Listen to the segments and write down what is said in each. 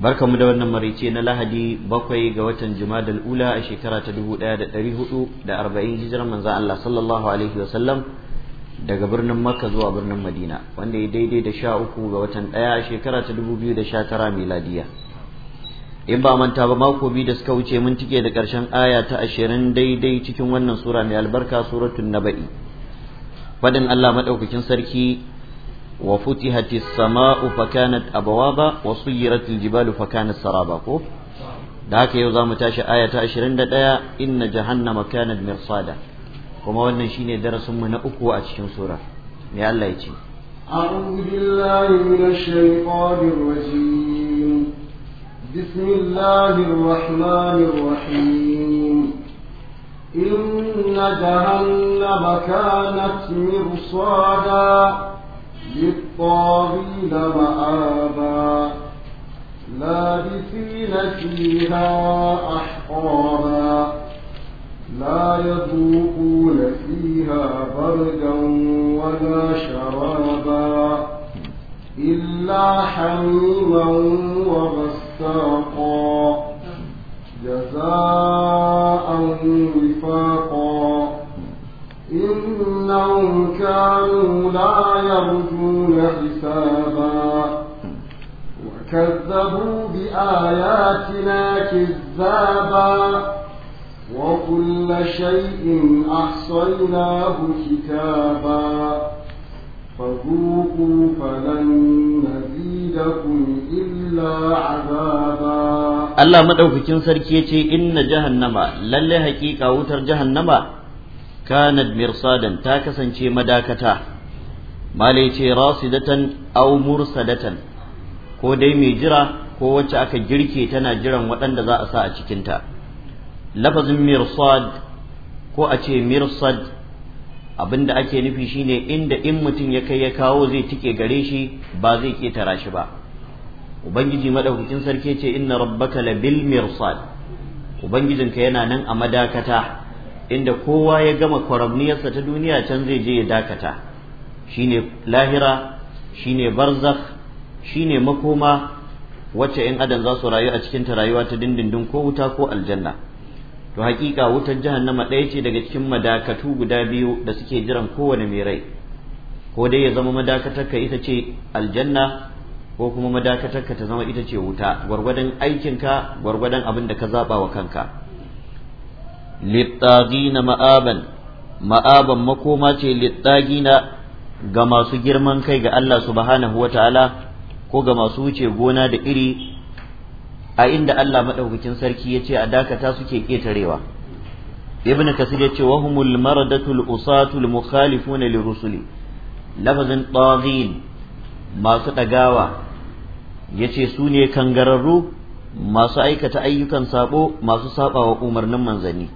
barka mu da wannan marice na lahadi bakwai ga watan jumadal ula a shekara ta dubu ɗaya da ɗari hudu da arba'in hijirar manzan Allah sallallahu alaihi wasallam daga birnin makka zuwa birnin madina wanda ya daidai da sha uku ga watan ɗaya a shekara ta dubu biyu da sha tara miladiya in ba manta ba mako biyu da suka wuce mun cike da karshen aya ta ashirin daidai cikin wannan sura mai albarka suratul naba'i Faɗin Allah maɗaukakin sarki وفتحت السماء فكانت أبوابا وصيرت الجبال فكانت سرابا دهك يوزام تاشا آية عشرين دايا إن جهنم كانت مرصادا كما ولنا شيني درس من أكوى أتشن سورة يا الله يجي أعوذ بالله من الشيطان الرجيم بسم الله الرحمن الرحيم إن جهنم كانت مرصادا للطاغين مآبا لابسين فيها أحقابا لا يذوقون فيها بردا ولا شرابا إلا حميما وغساقا جزاء وفاقا إنهم كانوا لا يرجون حسابا وكذبوا بآياتنا كذابا وكل شيء أحصيناه كتابا فذوقوا فلن نزيدكم إلا عذابا الله مدعوكين سركيتي إن جهنم للي حقيقة وتر جهنم kanat mirsadan ta kasance madakata malai ce rasidatan aw mursadatan ko dai mai jira ko wacce aka girke tana jiran waɗanda za a sa a cikinta lafazin mirsad ko a ce mirsad abinda ake nufi shine inda in mutum ya kai ya kawo zai tike gare shi ba zai ketara shi ba ubangiji madaukakin sarki ce inna rabbaka labil mirsad ubangijinka yana nan a madakata inda kowa ya gama kwaramniyarsa ta duniya can zai je ya dakata shine lahira shine barzakh shine makoma wacce in adam za su rayu a cikin ta rayuwa ta dindindin ko wuta ko aljanna to hakika wutar jahannama ɗaya ce daga cikin madakatu guda biyu da suke jiran kowane mai rai ko dai ya zama madakatarka ita ce aljanna ko kuma madakatarka ta zama ita ce wuta gwargwadon aikinka gwargwadon abin da ka zaɓa wa kanka littagina ma'aban ma'aban makoma ce littagina ga masu girman kai ga Allah subhanahu wa ta'ala ko ga masu wuce gona da iri a inda Allah maɗaukakin sarki ya ce a dakata suke ƙetarewa ibn kasir ya ce wahumul maradatul usatul mukhalifuna lirusuli lafazin taghin masu ɗagawa ya ce su ne kangararru masu aikata ayyukan sabo masu saɓawa umarnin manzanni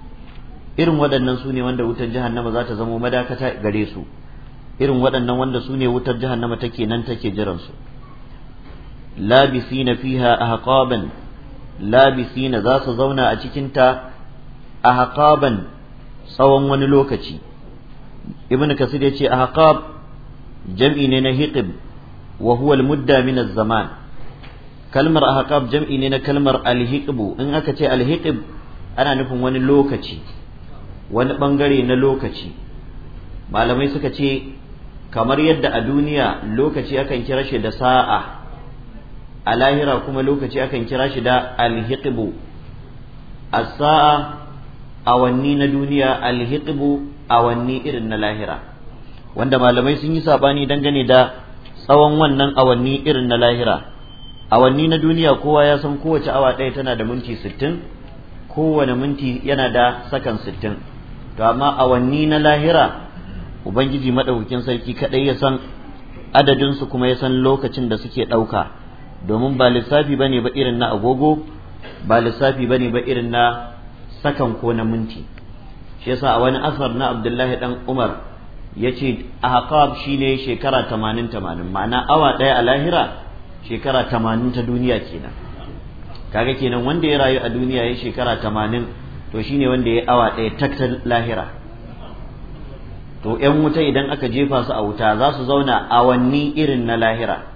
irin waɗannan su ne wanda wutar jahannama za ta zamo madakata gare su irin waɗannan wanda su ne wutar jahannama take nan take jiran su labisina fiha ahqaban labisina za su zauna a cikin ta ahqaban tsawon wani lokaci ibnu kasir ya ce ahqab jam'i ne na hiqib wa huwa mudda min zaman kalmar ahqab jam'i ne na kalmar al in aka ce al ana nufin wani lokaci wani bangare na lokaci malamai suka ce kamar yadda a duniya lokaci akan kira shi da sa'a a lahira kuma lokaci akan kira shi da alhiqbu as-sa'a awanni na duniya alhiqbu awanni irin na lahira wanda malamai sun yi sabani dangane da tsawon wannan awanni irin na lahira awanni na duniya kowa ya san kowace awa ɗaya tana da minti 60 kowane minti yana da sakan 60 to amma awanni na lahira ubangiji maɗaukakin sarki kaɗai ya san adadin kuma ya san lokacin da suke ɗauka domin ba lissafi bane ba irin na agogo ba lissafi bane ba irin na sakan ko na minti shi yasa a wani asar na Abdullahi dan Umar ya yace ahqab shine shekara 80 80 ma'ana awa ɗaya a lahira shekara 80 ta duniya kenan kaga kenan wanda ya rayu a duniya ya shekara tamanin. to shine wanda ya awa ɗaya taktal lahira to yan wuta idan aka jefa su a wuta za su zauna awanni irin na lahira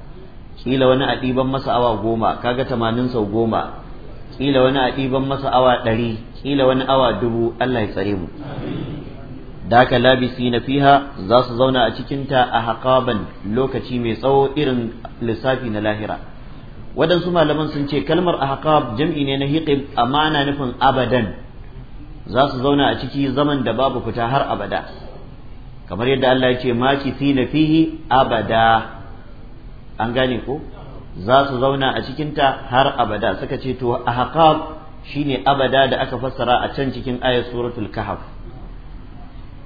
ƙila wani a ɗiban masa awa goma kaga tamanin sau goma ƙila wani a ɗiban masa awa ɗari ƙila wani awa dubu Allah ya tsare mu daka labisi na fiha za su zauna a cikinta a haƙaban lokaci mai tsawo irin lissafi na lahira waɗansu malaman sun ce kalmar a haƙab jam'i ne na hiƙib amma ana nufin abadan za su zauna a ciki zaman da babu fita har abada kamar yadda Allah ya ce maki fi na fihi abada an gane ko za su zauna a cikinta har abada suka ce to ahqab shine abada da aka fassara a can cikin ayat suratul kahf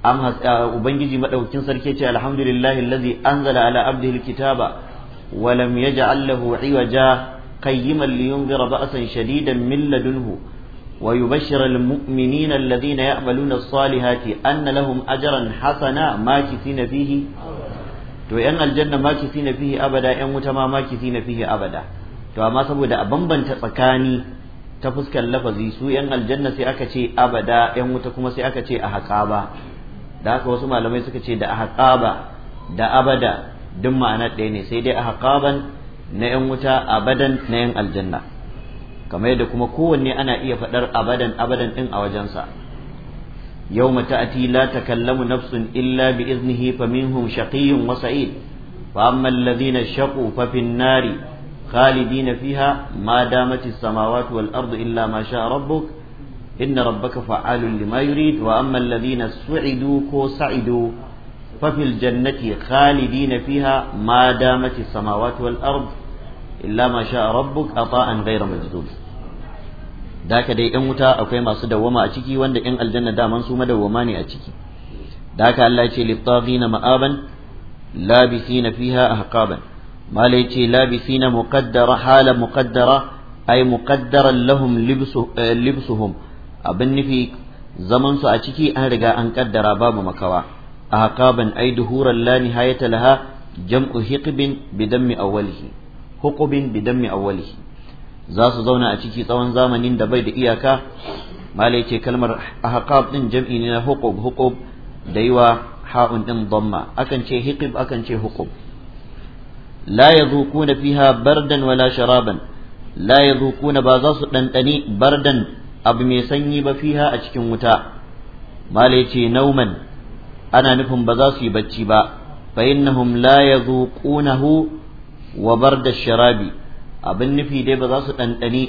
am uh, ubangiji madaukin sarki ce alhamdulillahi allazi anzala ala abdihi alkitaba wa lam yaj'al lahu iwaja qayyiman liyunzira ba'san shadidan min ladunhu ويبشر المؤمنين الذين يعملون الصالحات أن لهم أجرا حسنا ماكثين فيه to yan aljanna makithina fihi abada yan wuta ma makithina fihi abada to amma saboda a bambanta tsakani ta fuskar lafazi su yan aljanna sai aka ce abada yan wuta kuma sai aka ce a haƙaba da haka wasu malamai suka ce da a da abada duk ma'anar ɗaya ne sai dai a haƙaban na yan wuta abadan na yan aljanna kamar yadda kuma kowanne ana iya faɗar abadan abadan ɗin a wajensa a ta'ati la takallamu nafsun illa bi iznihi faminhum shaqiyyun wa sa'id fa amma alladhina shaqu fa fin nari khalidina fiha ma damat samawati wal ardu illa ma sha'a rabbuk inna rabbaka fa'alun lima yurid wa amma alladhina su'idu ko sa'idu fa fil jannati khalidina fiha ma damat as-samawati wal ardu illa ma sha rabbuk ata'an ghayra majdud daka dai yan wuta akwai masu dawwama a ciki wanda yan aljanna daman su madawwama ne a ciki daka Allah ya ce littagina ma'aban labisina fiha ahqaban malai ce labisina muqaddara hala muqaddara ay muqaddaran lahum eh, libsuhum abin nufi zaman su a ciki an riga an kaddara babu makawa ahqaban ay duhuran la nihayata laha jam'u hiqbin bidammi awwalihi huqubin bidammi awwali za su zauna a ciki tsawon zamanin da bai da iyaka malai ce kalmar ahqab din jam'i ne na huqub da yiwa ha'un din dhamma akan ce hiqib akan ce huqub la yadhukuna fiha bardan wala sharaban la yadhukuna ba za su dandani bardan abu mai sanyi ba fiha a cikin wuta malai ce nauman ana nufin ba za su yi bacci ba fa innahum la yadhuqunahu wa da sharabi abin nufi dai ba za su ɗanɗani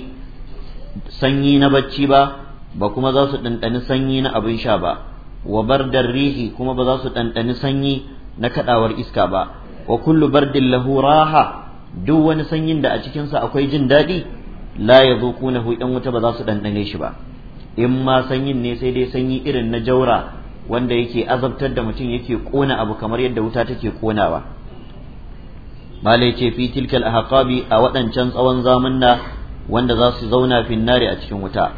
sanyi na bacci ba ba kuma za su ɗanɗani sanyi na abin sha ba wa da rihi kuma ba za su ɗanɗani sanyi na kaɗawar iska ba wa kullu bardin lahu raha duk wani sanyin da a cikinsa akwai jin daɗi la ya zo kunahu ɗan wuta ba za su ɗanɗane shi ba in ma sanyin ne sai dai sanyi irin na jaura wanda yake azabtar da mutum yake ƙona abu kamar yadda wuta take ƙonawa malai ce fi tilkal a waɗancan tsawon zamunna wanda za su zauna finnari a cikin wuta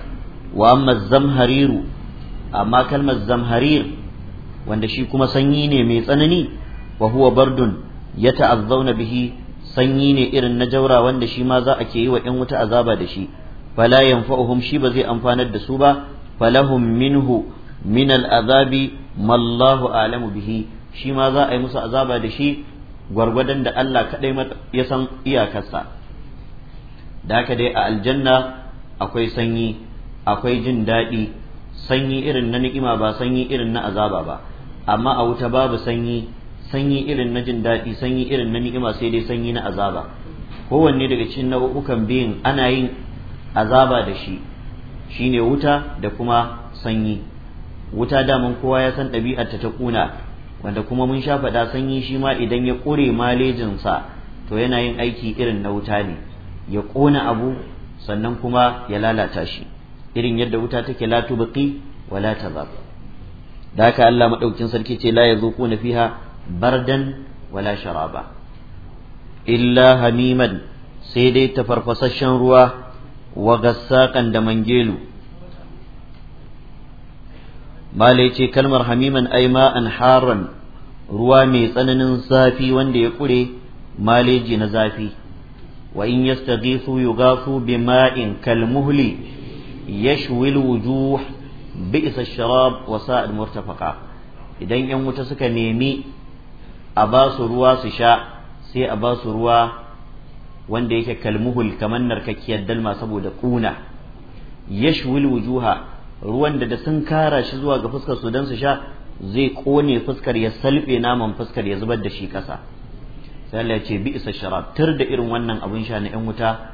wa amma zamhariru amma kalmar zamharir wanda shi kuma sanyi ne mai tsanani wa huwa bardun ya ta'azzauna bihi sanyi ne irin na jaura wanda shi ma za a ke yi wa 'yan wuta azaba da shi fala yanfa'uhum shi ba zai amfanar da su ba falahum minhu min al'azabi mallahu a'lamu bihi shi ma za a yi musu azaba da shi gwargwadon da Allah kaɗai ya san iyakarsa da haka dai a aljanna akwai sanyi akwai jin daɗi sanyi irin na ni'ima ba sanyi irin na azaba ba amma a wuta babu sanyi sanyi irin na jin daɗi sanyi irin na ni'ima sai dai sanyi na azaba kowanne daga cikin nau'ukan biyun ana yin azaba da shi shine wuta da kuma sanyi wuta daman kowa ya san ɗabi'arta ta ƙuna. wanda kuma mun sha faɗa sanyi shi ma idan ya ƙure malejinsa to yana yin aiki irin na wuta ne ya ƙona abu sannan kuma ya lalata shi irin yadda wuta take la tubqi wa la tazab da haka Allah madaukin sarki ce la yazuquna fiha bardan wala sharaba illa hamiman sai dai tafarfasashen ruwa wa gassaqan da mangelu mala ce kalmar hamiman ai ma'an haran ruwa mai tsananin zafi wanda ya kure maleji na zafi wa in yastaghithu yughathu bima'in kalmuhli yashwil wujuh bi'sa sharab wa sa'ad murtafaqa idan yan wuta suka nemi a ba su ruwa su sha sai a ba su ruwa wanda yake kalmuhul kamar narkakkiyar dalma saboda kuna yashwil wujuha ruwan da da sun kara shi zuwa ga fuskar su dan su sha zai kone fuskar ya salɓe naman fuskar ya zubar da shi kasa sai Allah ya ce bi isa sharab tur da irin wannan abun sha na yan wuta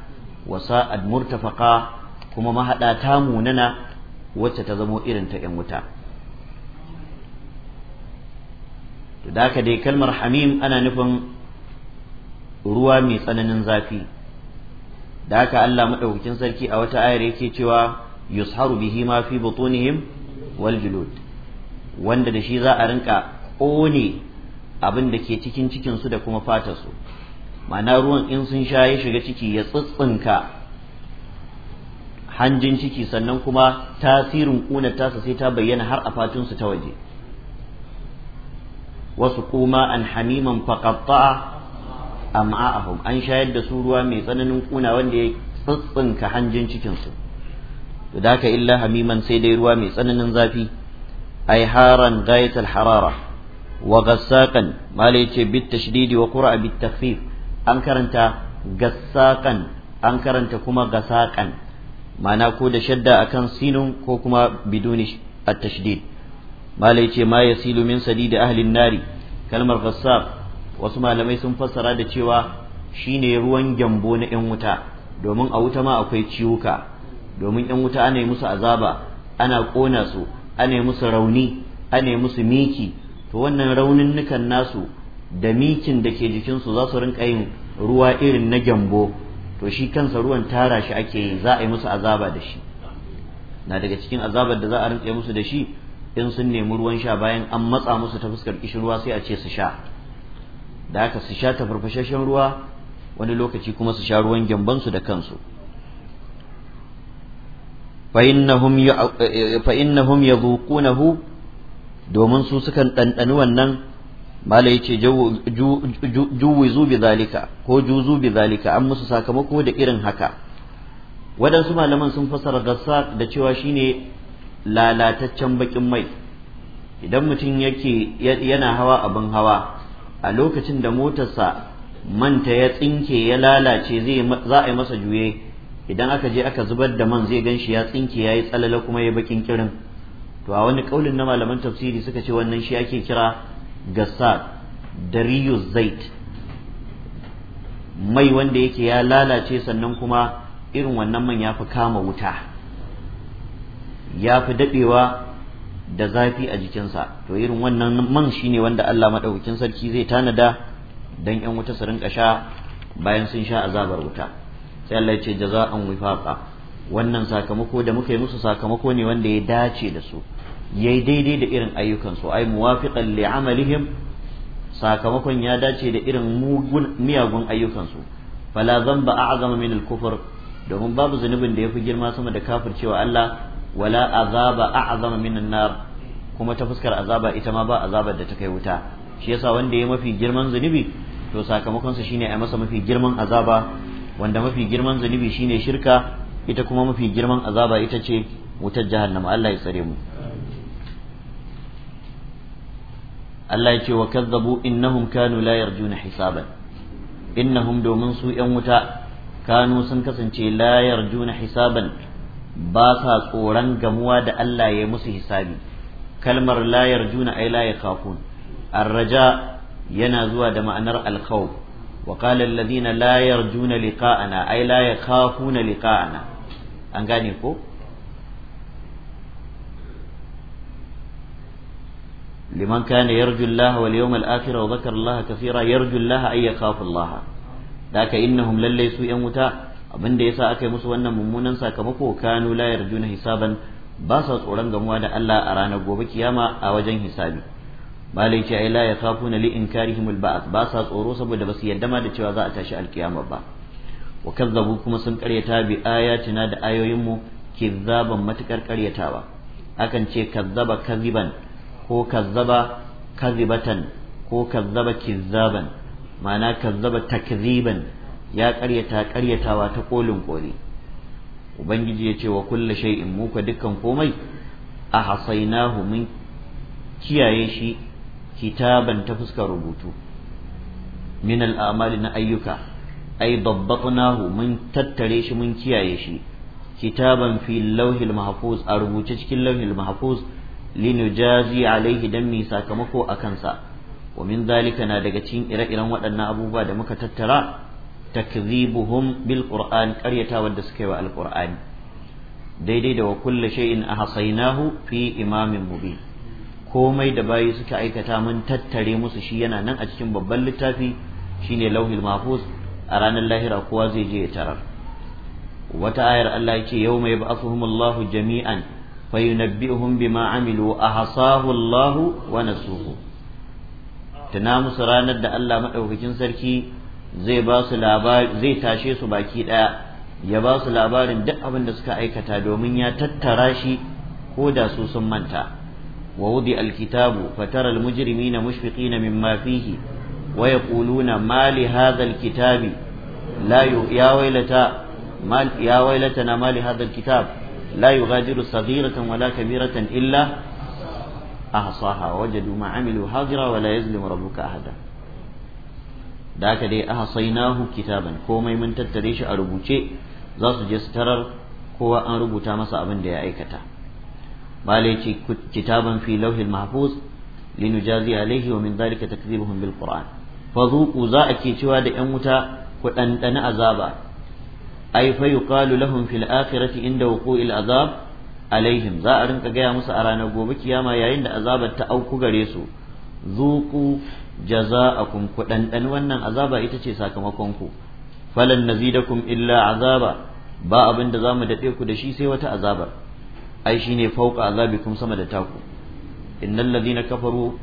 wa sa'ad murtafaqa kuma mahada ta munana wacce ta zamo irin ta yan wuta to da dai kalmar hamim ana nufin ruwa mai tsananin zafi da haka Allah madaukakin sarki a wata ayar yake cewa yusharu bihi ma fi butunihim wal julud wanda da shi za a rinka ƙone abin da ke cikin cikin su da kuma fatar su ma'ana ruwan in sun sha ya shiga ciki ya tsitsinka hanjin ciki sannan kuma tasirin ƙuna tasa sai ta bayyana har a fatun su ta waje wasu kuma an hamiman faqatta'a am'a'ahum an shayar da su ruwa mai tsananin ƙuna wanda ya tsitsinka hanjin cikin su to da ka illa hamiman sai dai ruwa mai tsananin zafi ai haran gayat harara wa gassakan mala yace bit tashdidi wa qura bit takhfif an karanta gassakan an karanta kuma gasakan ma'ana ko da shadda akan sinun ko kuma biduni at-tashdid mala yace ma yasilu min sadidi ahli nari kalmar gassaq wasu malamai sun fassara da cewa shine ruwan gyambo na 'yan wuta domin a wuta ma akwai ciwuka domin yan wuta ana yi musu azaba ana ƙona su ana yi musu rauni ana yi musu miki to wannan raunin nukan nasu da mikin da ke jikinsu za su rinka yin ruwa irin na gyambo to shi kansa ruwan tara shi ake yi za a yi musu azaba da shi na daga cikin azabar da za a rinka musu da shi in sun nemi ruwan sha bayan an matsa musu ta fuskar kishin ruwa sai a ce su sha da haka su sha ta farfashashen ruwa wani lokaci kuma su sha ruwan su da kansu فإنهم فإنهم يذوقونه domin su sukan ɗanɗani wannan mala ya ce juwizu bi zalika ko juzu bi zalika an masu sakamako da irin haka waɗansu malaman sun fassara gasa da cewa shine lalataccen baƙin mai idan mutum yake yana hawa abin hawa a lokacin da motarsa manta ya tsinke ya lalace za a yi masa juye idan aka je aka zubar da man zai gan shi ya tsinke ya yi tsalala kuma ya bakin kirin to a wani kaulin na malaman tafsiri suka ce wannan shi ake kira gasa dariyu zait mai wanda yake ya lalace sannan kuma irin wannan man ya fi kama wuta ya fi daɗewa da zafi a jikinsa to irin wannan man shine wanda Allah maɗaukakin sarki zai tanada don 'yan wuta su rinka sha bayan sun sha azabar wuta sai Allah ya ce jaza'an wifaqa wannan sakamako da muka yi musu sakamako ne wanda ya dace da su yayi daidai da irin ayyukan su ai muwafiqan li amalihim sakamakon ya dace da irin mugun miyagun ayyukan su fala zamba a'zama min al-kufr domin babu zunubin da yafi girma sama da kafircewa Allah wala azaba a'zama min an-nar kuma ta fuskar azaba ita ma ba azabar da ta kai wuta shi yasa wanda ya mafi girman zunubi to sakamakonsa shine a masa mafi girman azaba wanda mafi girman zunubi shine shirka ita kuma mafi girman azaba ita ce wutar jahannama Allah ya tsare mu Allah ya ce wa kazzabu innahum kanu la yarjuna hisaban innahum domin su yan wuta kanu sun kasance la yarjuna hisaban ba sa tsoron gamuwa da Allah ya musu hisabi kalmar la yarjuna ay la yakhafun arraja yana zuwa da ma'anar alkhawf وقال الذين لا يرجون لقاءنا أي لا يخافون لقاءنا أنغانيكو لمن كان يرجو الله واليوم الآخر وذكر الله كثيرا يرجو الله أي يخاف الله ذاك إنهم لن ليسوا يموتا abin da yasa aka yi musu wannan mummunan sakamako kanu la yarjuna hisaban ba sa tsoron gamuwa da Allah a ranar gobe kiyama a wajen hisabi malai ce ai la na li inkarihim al-ba'th ba sa tsoro saboda basu yadda ma da cewa za a tashi alkiyama ba wa kazzabu kuma sun karyata bi ayatina da ayoyin mu kizzaban matukar karyatawa akan ce kazzaba kaziban ko kazzaba kazibatan ko kazzaba kizzaban ma'ana kazzaba takziban ya karyata karyatawa ta kolin koli ubangiji ya ce wa kulle shay'in muka dukkan komai a hasainahu mun kiyaye shi kitaban ta fuskar rubutu min al'amali na ayyuka ai babbatnahu mun tattare shi mun kiyaye shi kitaban fi lauhil mahfuz a rubuce cikin lauhil mahfuz linujazi alaihi dan mi sakamako a kansa wa min zalika na daga cikin ire-iren waɗannan abubuwa da muka tattara takdhibuhum bil qur'an qaryata wadda suka yi wa alqur'ani daidai da wa kullu shay'in ahsaynahu fi imamin mubin komai da bayi suka aikata mun tattare musu shi yana nan a cikin babban littafi shine lauhil mahfuz a ranar lahira kowa zai je ya tarar wata ayar Allah yake yawma yab'athuhum Allahu jami'an fayunabbi'uhum bima amilu ahsahu Allahu wa nasuhu tana musu ranar da Allah madaukakin sarki zai ba su labari zai tashe su baki daya ya ba su labarin duk abin da suka aikata domin ya tattara shi ko da su sun manta ووضع الكتاب فترى المجرمين مشفقين مما فيه ويقولون ما لهذا الكتاب لا يا ويلتا ما يا ويلتنا ما لهذا الكتاب لا يغادر صغيرة ولا كبيرة إلا أحصاها وجدوا ما عملوا حاضرا ولا يظلم ربك أحدا ذاك دي أحصيناه كتابا كوما من تتريش أربوشي ذات جسترر هو أن ربوتا مسا أبن دي أيكتا malai kitaban fi lauhin mahfuz linujazi alaihi wa min zalika takzibuhum bil qur'an fa zuqu za a ke cewa da yan wuta ku dandana azaba ay fa yuqalu lahum fil akhirati inda wuqu'il azab alaihim za a rinka gaya musu a ranar gobe kiyama yayin da azabar ta auku gare su zuqu jaza'akum ku dandan wannan azaba ita ce sakamakon ku falan nazidakum illa azaba ba abin da zamu dade ku da shi sai wata azabar ai ne fauka azabi kuma sama da taku innal ladina kafaru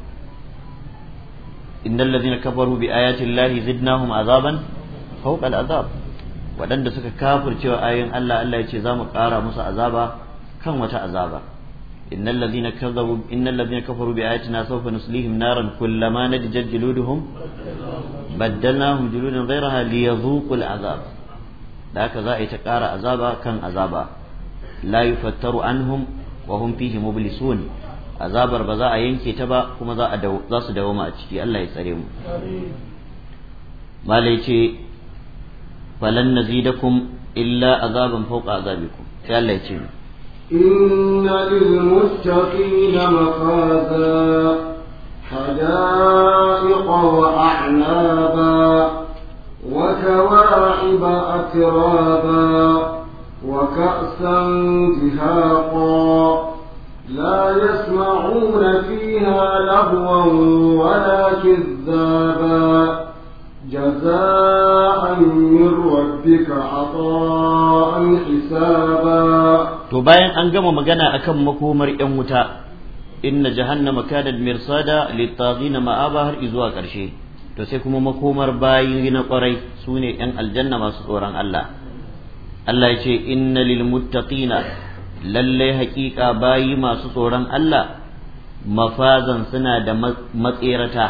innal ladina kafaru bi ayati llahi zidnahum azaban fauka al'azab waɗanda suka kafircewa ayoyin Allah Allah ya ce za mu ƙara musu azaba kan wata azaba innal ladina kadzabu innal ladina kafaru bi ayatina sawfa nuslihim naran kullama nadijat juluduhum baddalnahum juludan ghayraha liyadhuqu al'azab da haka za a yi ta ƙara azaba kan azaba la yufattaru anhum wa hum fihi mublisun azabar ba za a yanke ta ba kuma za a za su dawoma a ciki Allah ya tsare mu malai ce falan nazidakum illa azaban fawqa azabikum sai Allah ya ce إن للمتقين مفازا حدائق وأعنابا وكواعب أترابا وكأسا دهاقا لا يسمعون فيها لغوا ولا كذابا جزاء من ربك عطاء حسابا to bayan an gama magana akan makomar 'yan wuta inna jahannama kanat mirsada littaghina ma'aba har zuwa ƙarshe to sai kuma makomar bayi na ƙwarai sune 'yan aljanna masu tsoron Allah Allah ya ce inna lil muttaqina lalle haƙiƙa bayi masu tsoron Allah mafazan suna da matserata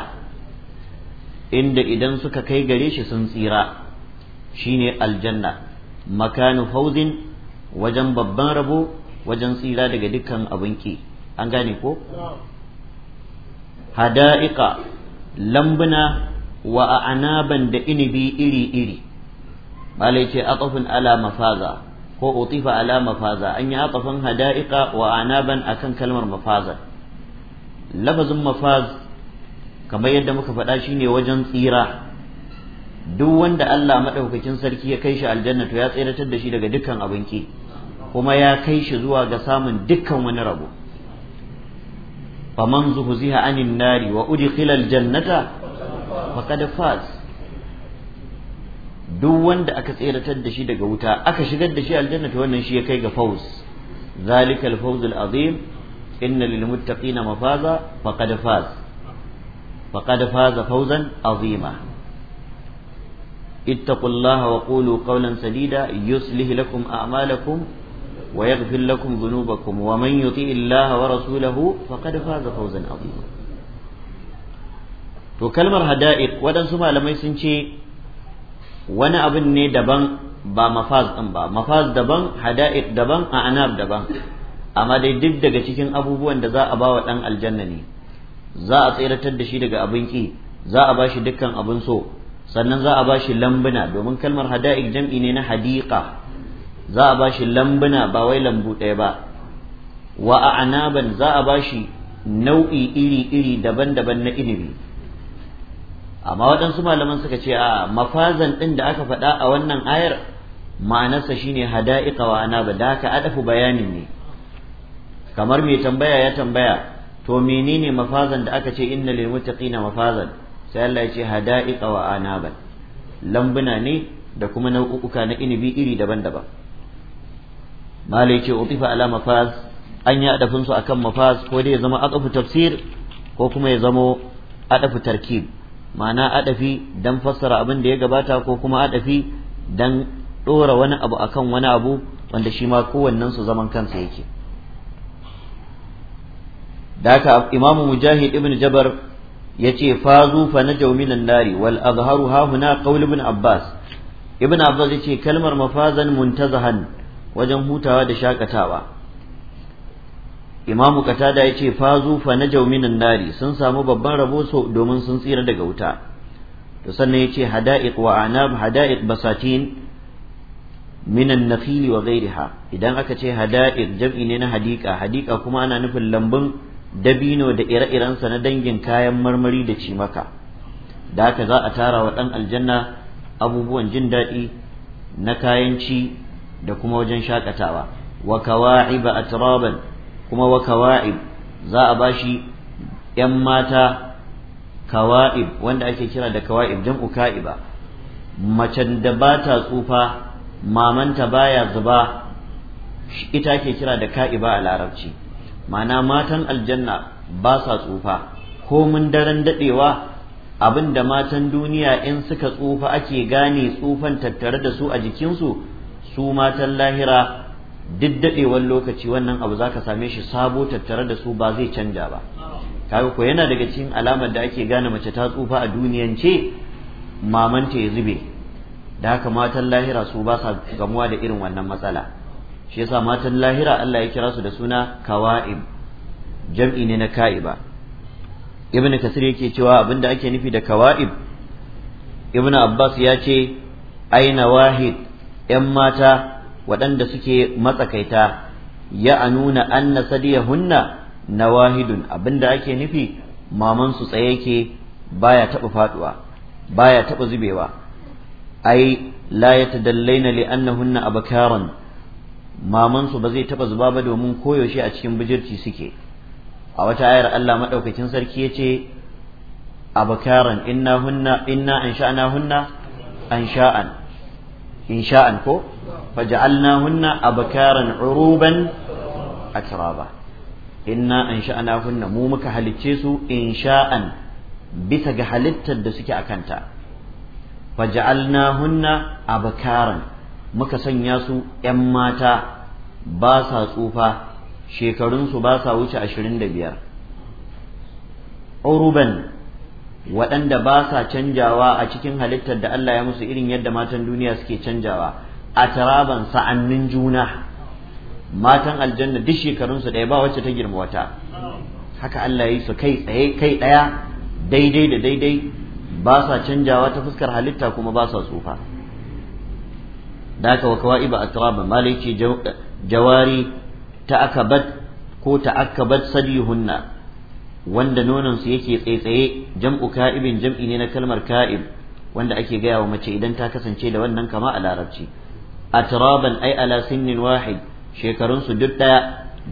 inda idan suka kai gare shi sun tsira shine aljanna makanu fauzin wajen babban rabo wajen tsira daga dukkan abinki an gane ko hada'iqa lambuna wa anaban da inibi iri-iri malai ce aqafun ala mafaza ko utifa ala mafaza an yi aqafan hada'iqa wa anaban akan kalmar mafaza lafazin mafaz kamar yadda muka faɗa shine wajen tsira duk wanda Allah madaukakin sarki ya kai shi aljanna to ya tsiratar da shi daga dukkan abin ki kuma ya kai shi zuwa ga samun dukkan wani rabo faman zuhziha anin nari wa udkhila aljannata faqad faz duk wanda aka tseratar da shi daga wuta aka shigar da shi aljanna to wannan shi ya kai ga fauz zalika al-fawz al-azim inna lil muttaqina mafaza faqad faz faqad faza fawzan azima ittaqullaha wa qulu qawlan sadida yuslih lakum a'malakum wa yaghfir lakum dhunubakum wa man yuti illaha wa rasulahu faqad faza fawzan azima to kalmar hada'iq wadansu malamai sun ce wani abin ne daban ba mafaz din ba mafaz daban hada'iq daban a'nab daban amma dai duk daga cikin abubuwan da za a ba wa ɗan aljanna ne za a tseratar da shi daga abin ki za a bashi dukkan abin so sannan za a shi lambuna domin kalmar hada'iq jam'i ne na hadiqa za a bashi lambuna ba wai lambu ɗaya ba wa a a'naban za a bashi nau'i iri-iri daban-daban na ilimi amma waɗansu malaman suka ce a mafazan ɗin da aka faɗa a wannan ayar ma'anarsa shine hada'iqa wa ba da aka adafu bayanin ne kamar mai tambaya ya tambaya to menene mafazan da aka ce inna lil muttaqina mafazan sai Allah ya ce hada'iqa wa anaba lambuna ne da kuma nau'uka na inibi iri daban-daban malai ce utifa ala mafaz an yi adafin su akan mafaz ko dai ya zama adafu tafsir ko kuma ya zama adafu tarkib ma'ana adafi dan fassara abin da ya gabata ko kuma adafi dan ɗora wani abu akan wani abu wanda shi ma kowannen su zaman kansa yake da imam mujahid ibn jabar yace ce fazu fa na minan nari wal azharu ha huna qaul ibn abbas ibn abbas yace kalmar mafazan muntazahan wajen hutawa da shakatawa imamu katada ya ce fazu fa na jauminan nari sun samu babban rabo domin sun tsira daga wuta to sannan ya ce hada'iq wa anab hada'iq basatin minan nafili wa ghairiha idan aka ce hada'iq jam'i ne na hadika hadika kuma ana nufin lambun dabino da ire-irensa na dangin kayan marmari da cimaka da haka za a tara wa ɗan aljanna abubuwan jin daɗi na kayan ci da kuma wajen shakatawa wa kawa'iba atraban kuma wa kawa'ib za a bashi ‘yan mata kawa'ib wanda ake kira da kawa'ib jam'u uka'iba macen da ba ta tsufa mamanta baya zuba ita ke kira da ka'iba a larabci mana matan aljanna ba sa tsufa komin daren daɗewa abin da matan duniya in suka tsufa ake gane tsufan tattare da su a jikinsu su matan lahira duk daɗewar lokaci wannan abu za ka same shi sabo tattare da su ba zai canja ba kaga ko yana daga cikin alamar da ake gane mace ta tsufa a duniyance mamanta ya zube da haka matan lahira su ba sa gamuwa da irin wannan matsala shi yasa matan lahira Allah ya kira su da suna kawa'ib jam'i ne na ka'iba ibnu kasir yake cewa abinda ake nufi da kawa'ib ibnu abbas ya ce aina wahid yan mata waɗanda suke matsakaita ya nuna anuna anna hunna nawahidun abinda ake nufi mamansu su tsaye yake baya taɓa faɗuwa baya taɓa zubewa ai la ya yatadallaina li annahunna abkaran maman mamansu ba zai taɓa zuba ba domin koyaushe a cikin bijirci suke a wata ayar Allah madaukakin sarki yace abkaran hunna inna ansha'an insha'an ko faja'alnahunna abkaran uruban atraba inna ansha'nahunna mu muka halicce su insha'an bisa ga halittar da suke a kanta faja'alnahunna abkaran muka sanya su 'yan mata ba sa tsufa shekarunsu ba sa wuce ashirin da biyar uruban waɗanda ba sa canjawa a cikin halittar da Allah ya musu irin yadda matan duniya suke canjawa a taraban sa'annin juna matan aljanna duk shekarunsu ɗaya ba wacce ta girma wata haka Allah ya yi su kai tsaye kai ɗaya daidai da daidai ba sa canjawa ta fuskar halitta kuma ba sa tsufa da aka wa a ba atraba jawari ta akabat ko ta akabat sadihunna wanda nonon su yake tsaye-tsaye, jam'u ka'ibin jam'i ne na kalmar ka'ib wanda ake gaya wa mace idan ta kasance da wannan kama a larabci atraban ay ala sinnin wahid shekarun su duk daya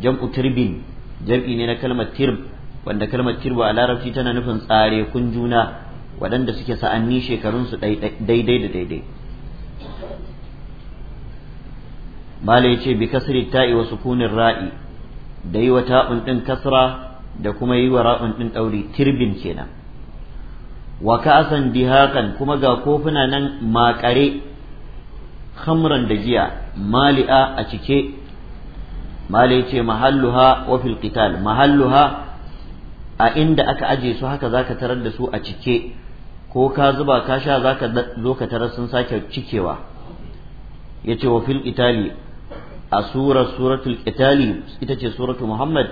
jam'u tirbin jam'i ne na kalmar tirb wanda kalmar tirbu a larabci tana nufin tsare kun juna waɗanda suke sa'anni shekarun su daidai da daidai malai ce bi kasri ta'i wa sukunin ra'i da yi wa ta'un din kasra da kuma yi wa ra'un din ɗauri tirbin kenan wa ka'asan dihakan kuma ga kofuna nan makare khamran da giya mali'a a cike mali ce mahalluha wa fil qital mahalluha a inda aka aje su haka zaka tarar da su a cike ko ka zuba ka sha zaka zo ka tarar sun sake cikewa yace wa fil qitali a suratul qitali ita ce suratu muhammad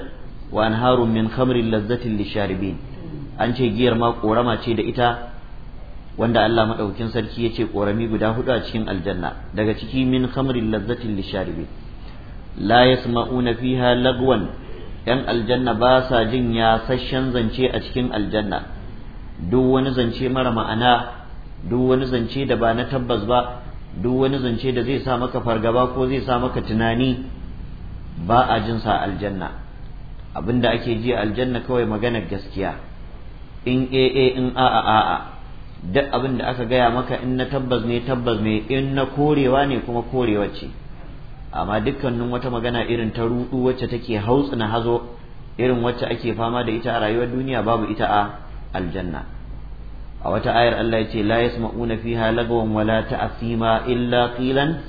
wa anharun min khamrin lazzatin lisharibin an ce giyar ma korama ce da ita wanda Allah madaukakin sarki yace korami guda hudu a cikin aljanna daga ciki min khamrin lazzatin lisharibi la yasma'una fiha lagwan yan aljanna ba sa jin yasashen zance a cikin aljanna duk wani zance mara ma'ana duk wani zance da ba na tabbas ba duk wani zance da zai sa maka fargaba ko zai sa maka tunani ba a jin sa aljanna abinda ake ji aljanna kawai maganar gaskiya in A'a, in a duk abin da aka gaya maka in na tabbas ne tabbas ne in na korewa ne kuma korewa ce amma dukkanin wata magana irin ta rudu wacce take hautsina hazo irin wacce ake fama da ita a rayuwar duniya babu ita a aljanna a wata ayar Allah ya ce la yasma'una fiha lagawan wala ta'sima illa qilan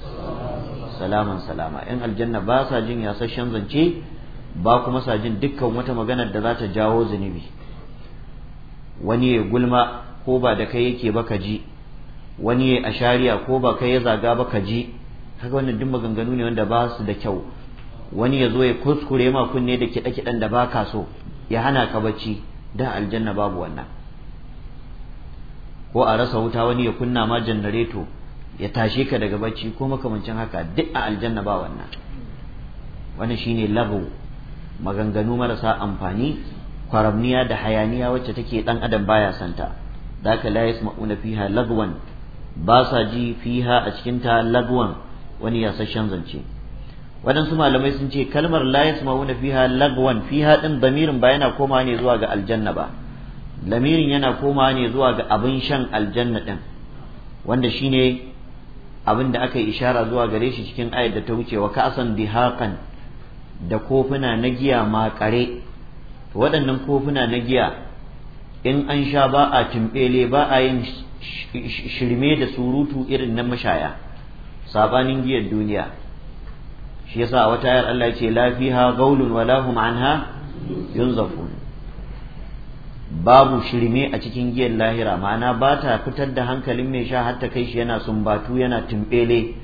salaman salama in aljanna ba sa jin yasashen zance ba kuma sa jin dukkan wata magana da za ta jawo zunubi wani ya gulma ko ba da kai yake ba ka ji wani ya shari'a ko ba kai ya zaga ba ka ji kaga wannan duk maganganu ne wanda ba su da kyau wani ya zo ya kuskure ma kunne da kiɗa kiɗan da ba ka so ya hana ka bacci da aljanna babu wannan ko a rasa wuta wani ya kunna ma janareto ya tashe ka daga bacci ko makamancin haka duk a aljanna ba wannan wannan shine lagu maganganu marasa amfani kwaramniya da hayaniya wacce take dan adam baya santa zaka la yasma'una fiha lagwan ba sa ji fiha a cikin ta lagwan wani ya sashen zance waɗansu malamai sun ce kalmar la yasma'una fiha lagwan fiha din damirin ba yana koma ne zuwa ga aljanna ba lamirin yana koma ne zuwa ga abin shan aljanna din wanda shine abin da aka yi ishara zuwa gare shi cikin ayat da ta wuce wa ka'san dihakan da kofuna na giya makare waɗannan kofuna na giya in an sha ba a timbele ba a yin shirme da surutu irin na mashaya sabanin giyar duniya shi yasa a wata 'yar Allah ce la fiha gaulun wala hum anha yunzafun babu shirme a cikin giyar lahira ma'ana ba ta fitar da hankalin mai sha hatta kai shi yana sumbatu yana timbele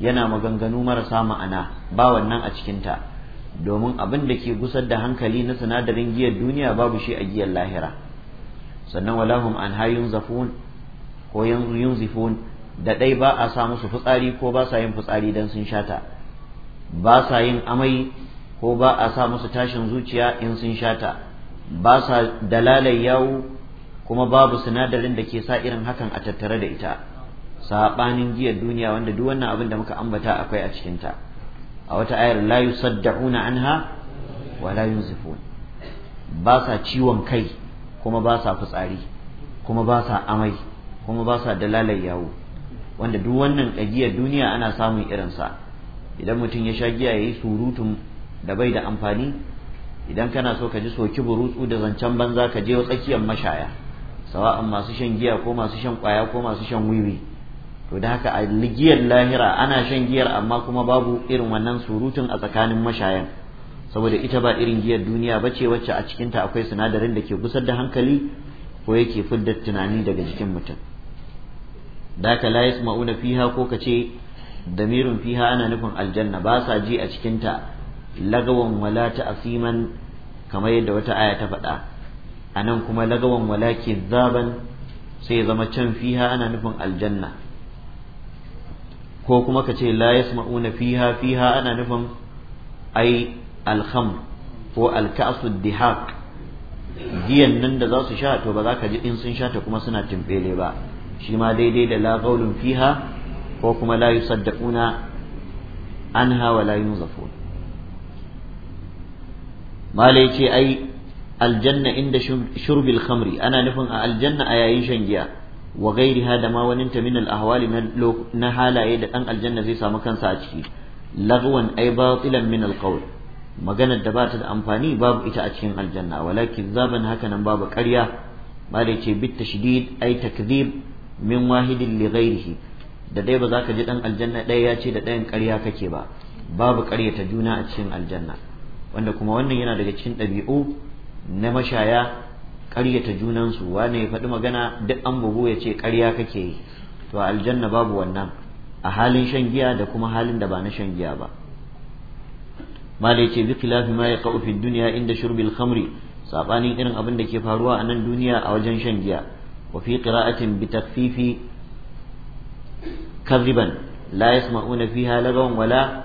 yana maganganu marasa ma'ana ba wannan a cikinta domin abin da ke gusar da hankali na sinadarin giyar duniya babu shi a giyar lahira sannan walahum an hayun zafun ko yunzifun da ɗai ba a sa musu fitsari ko ba sa yin fitsari dan sun shata ba sa yin amai ko ba a sa musu tashin zuciya in sun shata ba sa dalalai yawo kuma babu sinadarin da ke sa irin hakan a tattare da ita saɓanin giyar duniya wanda duk wannan abin da muka ambata akwai a cikinta a wata ayar la yusaddauna anha wa yunzifun ba sa ciwon kai kuma ba sa fitsari kuma ba sa amai kuma ba sa dalalar yawo wanda duk wannan ƙagiyar duniya ana samun irinsa idan mutum ya sha giya ya yi surutun da bai da amfani idan kana so ka ji soki burutsu da zancen banza ka je tsakiyar mashaya sawa'an masu shan giya ko masu shan kwaya ko masu shan wiwi to da haka a ligiyar lahira ana shan giyar amma kuma babu irin wannan surutun a tsakanin mashayan saboda ita ba irin giyar duniya ba ce wacce a cikinta akwai sinadarin da ke gusar da hankali ko yake fidda tunani daga jikin mutum da ka la yasma'una fiha ko ka ce damirin fiha ana nufin aljanna ba sa ji a cikinta lagawan wala ta'siman kamar yadda wata aya ta faɗa anan kuma lagawan wala zaban sai zama can fiha ana nufin aljanna ko kuma kace ce la yasma'una fiha fiha ana nufin ai alhamr ko alka'su dihaq giyan nan da za su sha to ba za ka ji in sun sha ta kuma suna timbele ba shi ma daidai da la fiha ko kuma la yusaddaquna anha wa la yunzafun mala yace ai aljanna inda shurbil khamri ana nufin a aljanna a yayin shan giya wa ghairiha da ma waninta min al na halaye da dan aljanna zai samu kansa a ciki lagwan ai batilan min al maganar da bata da amfani babu ita a cikin aljanna walakin zaban nan babu ƙarya ba da ce bit tashdid ay takdhib min wahidin li ghairihi da dai ba za ka ji dan aljanna ɗaya ya ce da ɗayan ƙarya kake ba babu ƙarya ta juna a cikin aljanna wanda kuma wannan yana daga cikin ɗabi'u na mashaya ƙaryata junansu wane ya faɗi magana duk an bugu ya ce ƙarya kake yi to aljanna babu wannan a halin shan giya da kuma halin da ba na shan giya ba malai ce bi khilafi ma ya fi duniya inda shurbil khamri sabanin irin abin da ke faruwa a nan duniya a wajen shan giya wa fi qira'atin bi takfifi kadhiban la yasma'una fiha lagawan wala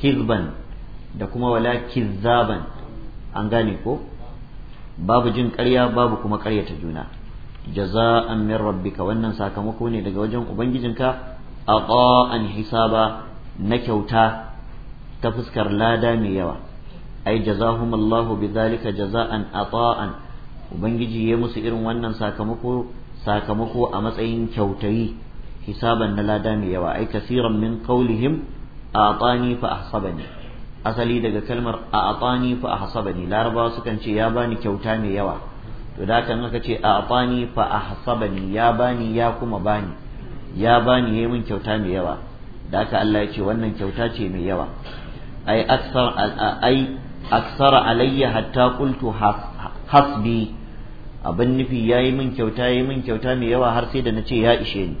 kizban da kuma wala kizzaban an gane ko babu jin ƙarya babu kuma ƙaryata juna jaza'an min rabbika wannan sakamako ne daga wajen ubangijinka an hisaba na kyauta ta fuskar lada mai yawa ai jazahumallahu bidhalika jaza'an ata'an ubangiji ya musu irin wannan sakamako sakamako a matsayin kyautayi hisaban na lada mai yawa ai kasiran min qawlihim a'tani fa ahsabani asali daga kalmar a'tani fa ahsabani larabawa sukan ce ya bani kyauta mai yawa to da kan aka ce a'tani fa ahsabani ya bani ya kuma bani ya bani yayin kyauta mai yawa da haka Allah ya ce wannan kyauta ce mai yawa ay aksar ay aksar alayya hatta qultu hasbi abin nufi yayi min kyauta yayi min kyauta mai yawa har sai da na ce ya ishe ni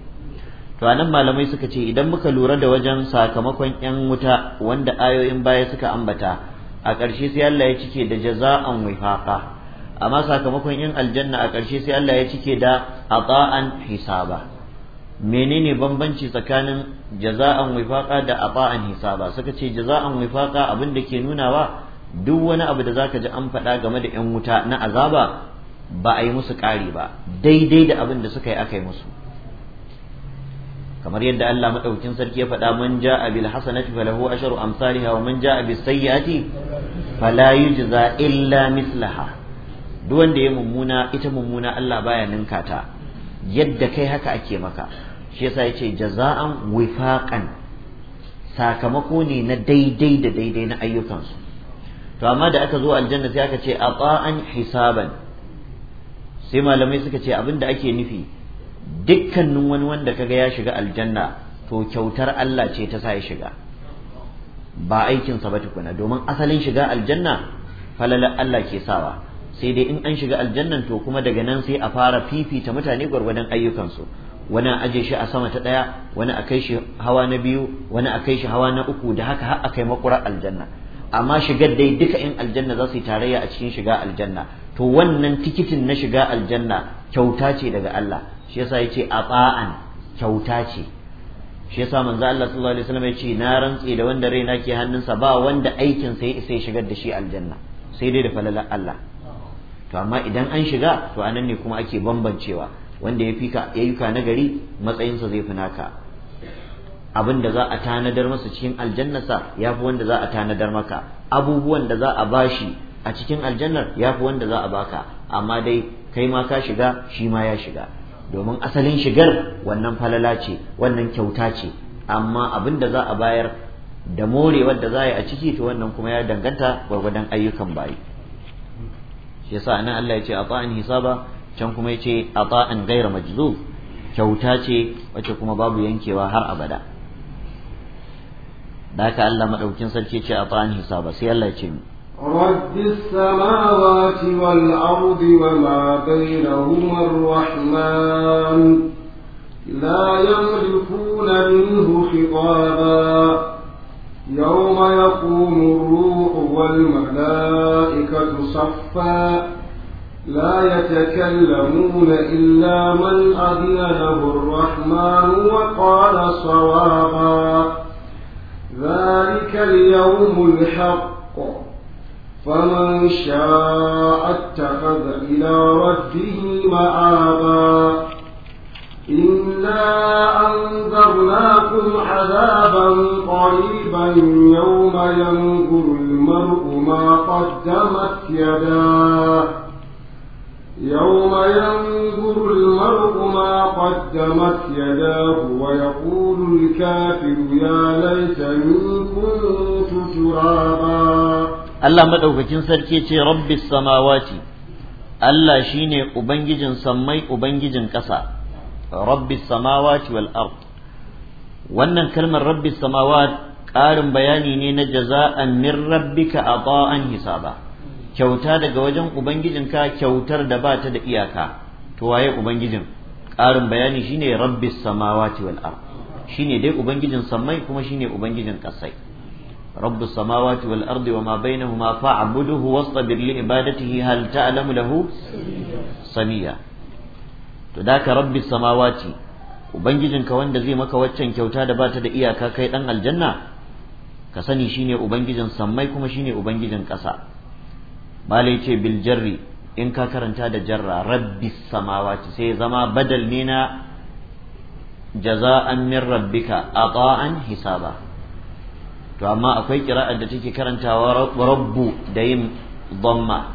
to anan malamai suka ce idan muka lura da wajen sakamakon yan wuta wanda ayoyin baya suka ambata a ƙarshe sai Allah ya cike da jaza'an wifaqa amma sakamakon yan aljanna a ƙarshe sai Allah ya cike da ata'an hisaba menene bambanci tsakanin jaza'an wifaqa da aba'an hisaba suka ce jaza'an wifaqa abin da ke nuna nunawa duk wani abu da zaka ji an faɗa game da 'yan wuta na azaba ba a yi musu ƙari ba daidai da abin da suka yi aka yi musu kamar yadda Allah madaukin sarki ya faɗa man ja'a bil hasanati falahu asharu amsalha wa man ja'a bis sayyiati fala yujza illa mislaha duk wanda ya mummuna ita mummuna Allah baya ninka ta yadda kai haka ake maka shi yasa yace jaza'an wifaƙan sakamako ne na daidai da daidai na ayyukansu to amma da aka zo aljanna sai aka ce a ba'an hisaban sai malamai suka ce abin da ake nufi dukkanin wani wanda kaga ya shiga aljanna to kyautar Allah ce ta sa ya shiga ba aikinsa ba tukuna domin asalin shiga aljanna falala Allah ke sawa sai dai in an shiga aljannan to kuma daga nan sai a fara fifita mutane gwargwadon ayyukansu wani a aje shi a sama ta ɗaya wani a kai shi hawa na biyu wani a kai shi hawa na uku da haka har a kai makura aljanna amma shigar dai duka in aljanna za su yi tarayya a cikin shiga aljanna to wannan tikitin na shiga aljanna kyauta ce daga Allah shi yasa yace ata'an kyauta ce shi yasa manzo Allah sallallahu alaihi wasallam yace na rantse da wanda raina ke hannunsa ba wanda aikin sa ya shigar da shi aljanna sai dai da falalar Allah to amma idan an shiga to anan ne kuma ake bambancewa wanda ya fika ayyuka na gari matsayinsa zai fi naka abin za a tanadar masa cikin aljannarsa ya fi wanda za a tanadar maka abubuwan da za a bashi a cikin aljannar ya fi wanda za a baka amma dai kai ma ka shiga shi ma ya shiga domin asalin shigar wannan falala ce wannan kyauta ce amma abin da za a bayar da morewar da za a yi a ciki to wannan kuma ya danganta gwargwadon ayyukan bayi shi yasa anan Allah ya ce ata'an hisaba can kuma ya ce ata'an gaira majzub kyauta ce wacce kuma babu yankewa har abada daka Allah madaukin sarki ce ata'an hisaba sai Allah ya ce رب السماوات والأرض وما بينهما الرحمن لا يملكون منه خطابا يوم يقوم الروح والملائكة صفا لا يتكلمون إلا من أذن له الرحمن وقال صوابا ذلك اليوم الحق فمن شاء اتخذ إلى ربه مآبا إنا أنذرناكم عذابا قريبا يوم ينظر المرء ما قدمت يداه يوم ينظر المرء ما قدمت يداه ويقول الكافر يا ليتني كنت ترابا الله جنسر كيتي رب السماوات الله شيني أبنجي سمي أبنجي جنكسر rabbis samawati wal ard wannan kalmar rabbis samawat ƙarin bayani ne na jaza'an min rabbika ata'an hisaba kyauta daga wajen ubangijinka kyautar da ba ta da iyaka to waye ubangijin ƙarin bayani shine rabbis samawati wal ard shine dai ubangijin sammai kuma shine ubangijin kasai رب السماوات والأرض وما بينهما فاعبده واصطبر لعبادته هل تعلم له سميا to da ka rabbi samawati ubangijinka wanda zai maka waccan kyauta da bata da iyaka kai dan aljanna ka sani shine ubangijin sammai kuma shine ubangijin ƙasa malai ce bil jarri in ka karanta da jarra rabbi samawati sai zama badal ne na jaza'an min rabbika ata'an hisaba to amma akwai kira'ar da take karantawa rabbu da yin dhamma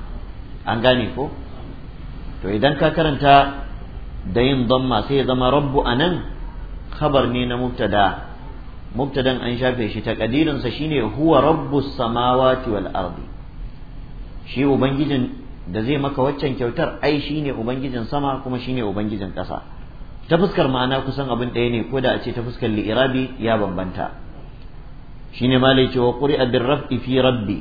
an gane ko to idan ka karanta da yin damma sai ya zama rabbu a nan khabar ne na mubtada mubtadan an shafe shi ta kadirinsa shine huwa rabbu samawati wal ardi shi ubangijin da zai maka waccan kyautar ai shine ubangijin sama kuma shine ubangijin ƙasa ta fuskar ma'ana kusan abin ɗaya ne ko da a ce ta fuskar li'irabi ya bambanta shine malai cewa qur'a bin raf'i fi rabbi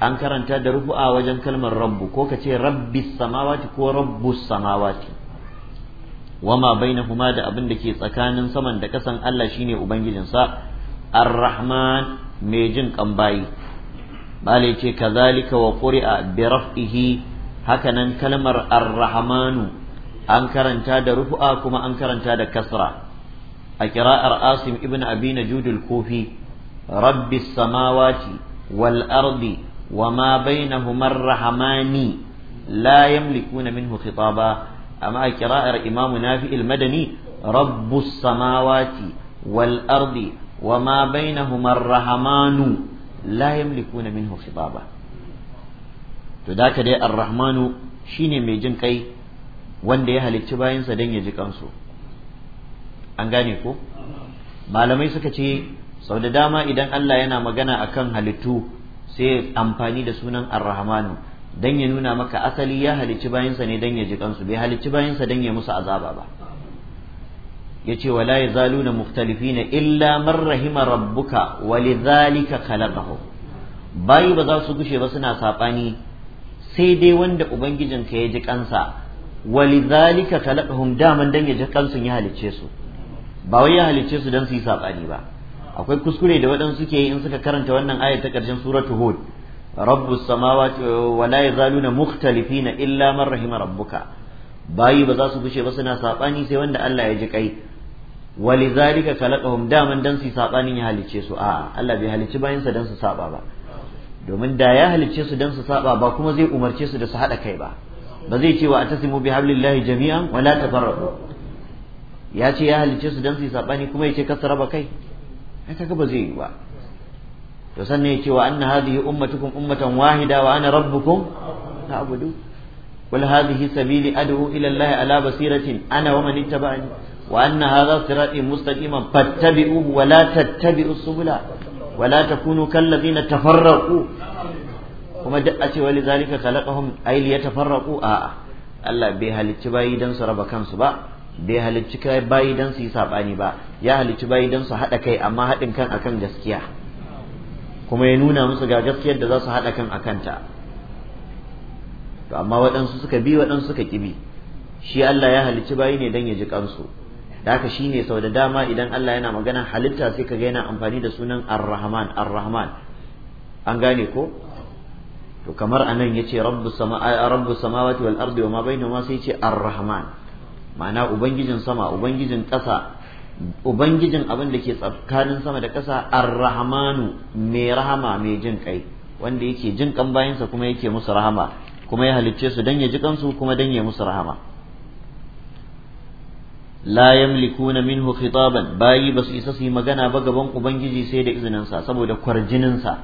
an karanta da rufu'a wajen kalmar rabbu ko ka ce rabbis samawati ko rabbus samawati wama bainahuma da abin da ke tsakanin saman da kasan Allah shine ubangijinsa ar-rahman mai jin kambayi bale ce kazalika wa ƙuri'a bi raf'ihi hakanan kalmar ar-rahmanu an karanta da rufu'a kuma an karanta da kasra a kira'ar asim ibn abi najud al-kufi rabbi samawati wal ardi wa ma bainahuma ar-rahmani la yamlikuna minhu khitaba Ama a kira'ar imamu nafi madani rabbus samawati wal ardi wa ma bainahuma ar-rahmanu la yamlikuna minhu khitaba to da dai ar-rahmanu shine mai jin kai wanda ya halicci bayansa dan ya ji kansu an gane ko malamai suka ce sau da dama idan Allah yana magana akan halittu sai amfani da sunan ar dan ya nuna maka asali ya halicci bayansa ne dan ya ji kansu bai halicci bayansa dan ya musu azaba ba yace wala yazaluna muftalifina illa man rahima rabbuka walidhalika khalaqahum bai ba za su gushe ba suna sabani sai dai wanda ubangijin ka ya ji kansa walidhalika khalaqahum daman dan ya ji kansu ya halicce su ba wai ya halicce su dan su yi sabani ba akwai kuskure da waɗansu ke yi in suka karanta wannan ayar ta ƙarshen suratu hud rabbus wala ya zaluna yazaluna mukhtalifina illa man rahima rabbuka bayi ba za su gushe ba suna sabani sai wanda Allah ya ji kai walizalika khalaqahum daman dan su sabanin ya halice su a'a Allah bai halici bayansa dan su saba ba domin da ya halicce su dan su saba ba kuma zai umarce su da su haɗa kai ba ba zai ce wa atasimu bi hablillahi jami'an wala tafarraqu ya ce ya halicce su dan su kuma ya ce ka su raba kai A'a ba zai yi ba to sannan yake wa anna hadhihi ummatukum ummatan wahida wa ana rabbukum ta'budu wal hadhihi sabili ad'u ilallahi ala basiratin ana wa man ittaba'ani wa anna hadha sirati mustaqiman fattabi'uhu wa la takunu kuma duk a cewa lizalika khalaqahum ay liyatafarraqu a'a Allah bai halicci bayi dan su raba kansu ba bai halicci bayi dan su yi sabani ba ya halicci bayi dan su haɗa kai amma haɗin kan akan gaskiya kuma ya nuna musu ga gaskiyar da za su haɗa kan akanta to amma waɗansu suka bi waɗansu suka bi shi Allah ya halicci bayi ne don ya ji kansu da haka shi ne sau da dama idan Allah yana magana halitta sai ka ga yana amfani da sunan ar-rahman ar-rahman an gane ko to kamar anan yace rabbu sama rabbu samawati wal ardi wa ma bainahuma sai yace ar-rahman ma'ana ubangijin sama ubangijin ƙasa ubangijin abin da ke tsakanin sama da ƙasa ar-rahmanu mai rahama mai jin kai wanda yake jin kan bayansa kuma yake musu rahama kuma ya halicce su dan ya ji kansu kuma dan ya musu rahama la yamlikuna minhu khitaban bayi basu isa su yi magana ba gaban ubangiji sai da izinin sa saboda kwarjinin sa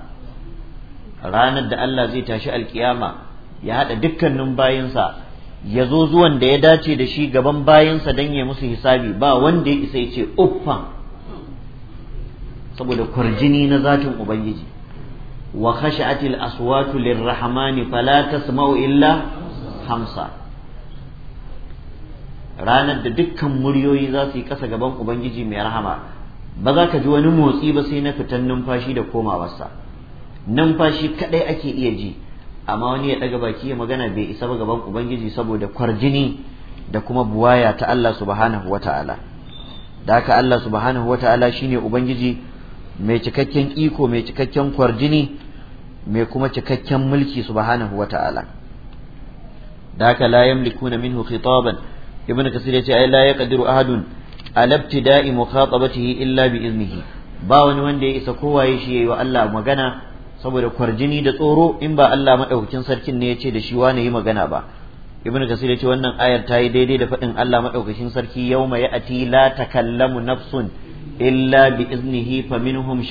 ranar da Allah zai tashi alkiyama ya hada dukkanin bayinsa ya zo zuwan da ya dace da shi gaban bayansa don ya musu hisabi ba wanda ya isa ya ce uffa saboda kwarjini na zatin ubangiji wa khashatil aswatu lirrahmani fala tasma'u illa hamsa ranar da dukkan muryoyi za su yi kasa gaban ubangiji mai rahama ba za ka ji wani motsi ba sai na fitan numfashi da komawarsa numfashi kadai ake iya ji amma wani ya daga baki ya magana bai isa ba gaban ubangiji saboda kwarjini da kuma buwaya ta Allah subhanahu wata'ala da haka Allah subhanahu wata'ala shine ubangiji mai cikakken iko mai cikakken kwarjini mai kuma cikakken mulki subhanahu wata'ala da haka la yamlikuna minhu khitaban ibn kasir yace ai la yaqdiru ahadun ala ibtida'i mukhatabatihi illa bi iznihi ba wani wanda ya isa kowaye shi yayi wa Allah magana saboda kwarjini da tsoro in ba Allah madaukakin sarkin ne ya ce da shi wane yi magana ba ibnu kasir ya ce wannan ayar ta yi daidai da faɗin Allah madaukakin sarki yawma ya'ti la takallamu nafsun illa bi iznihi fa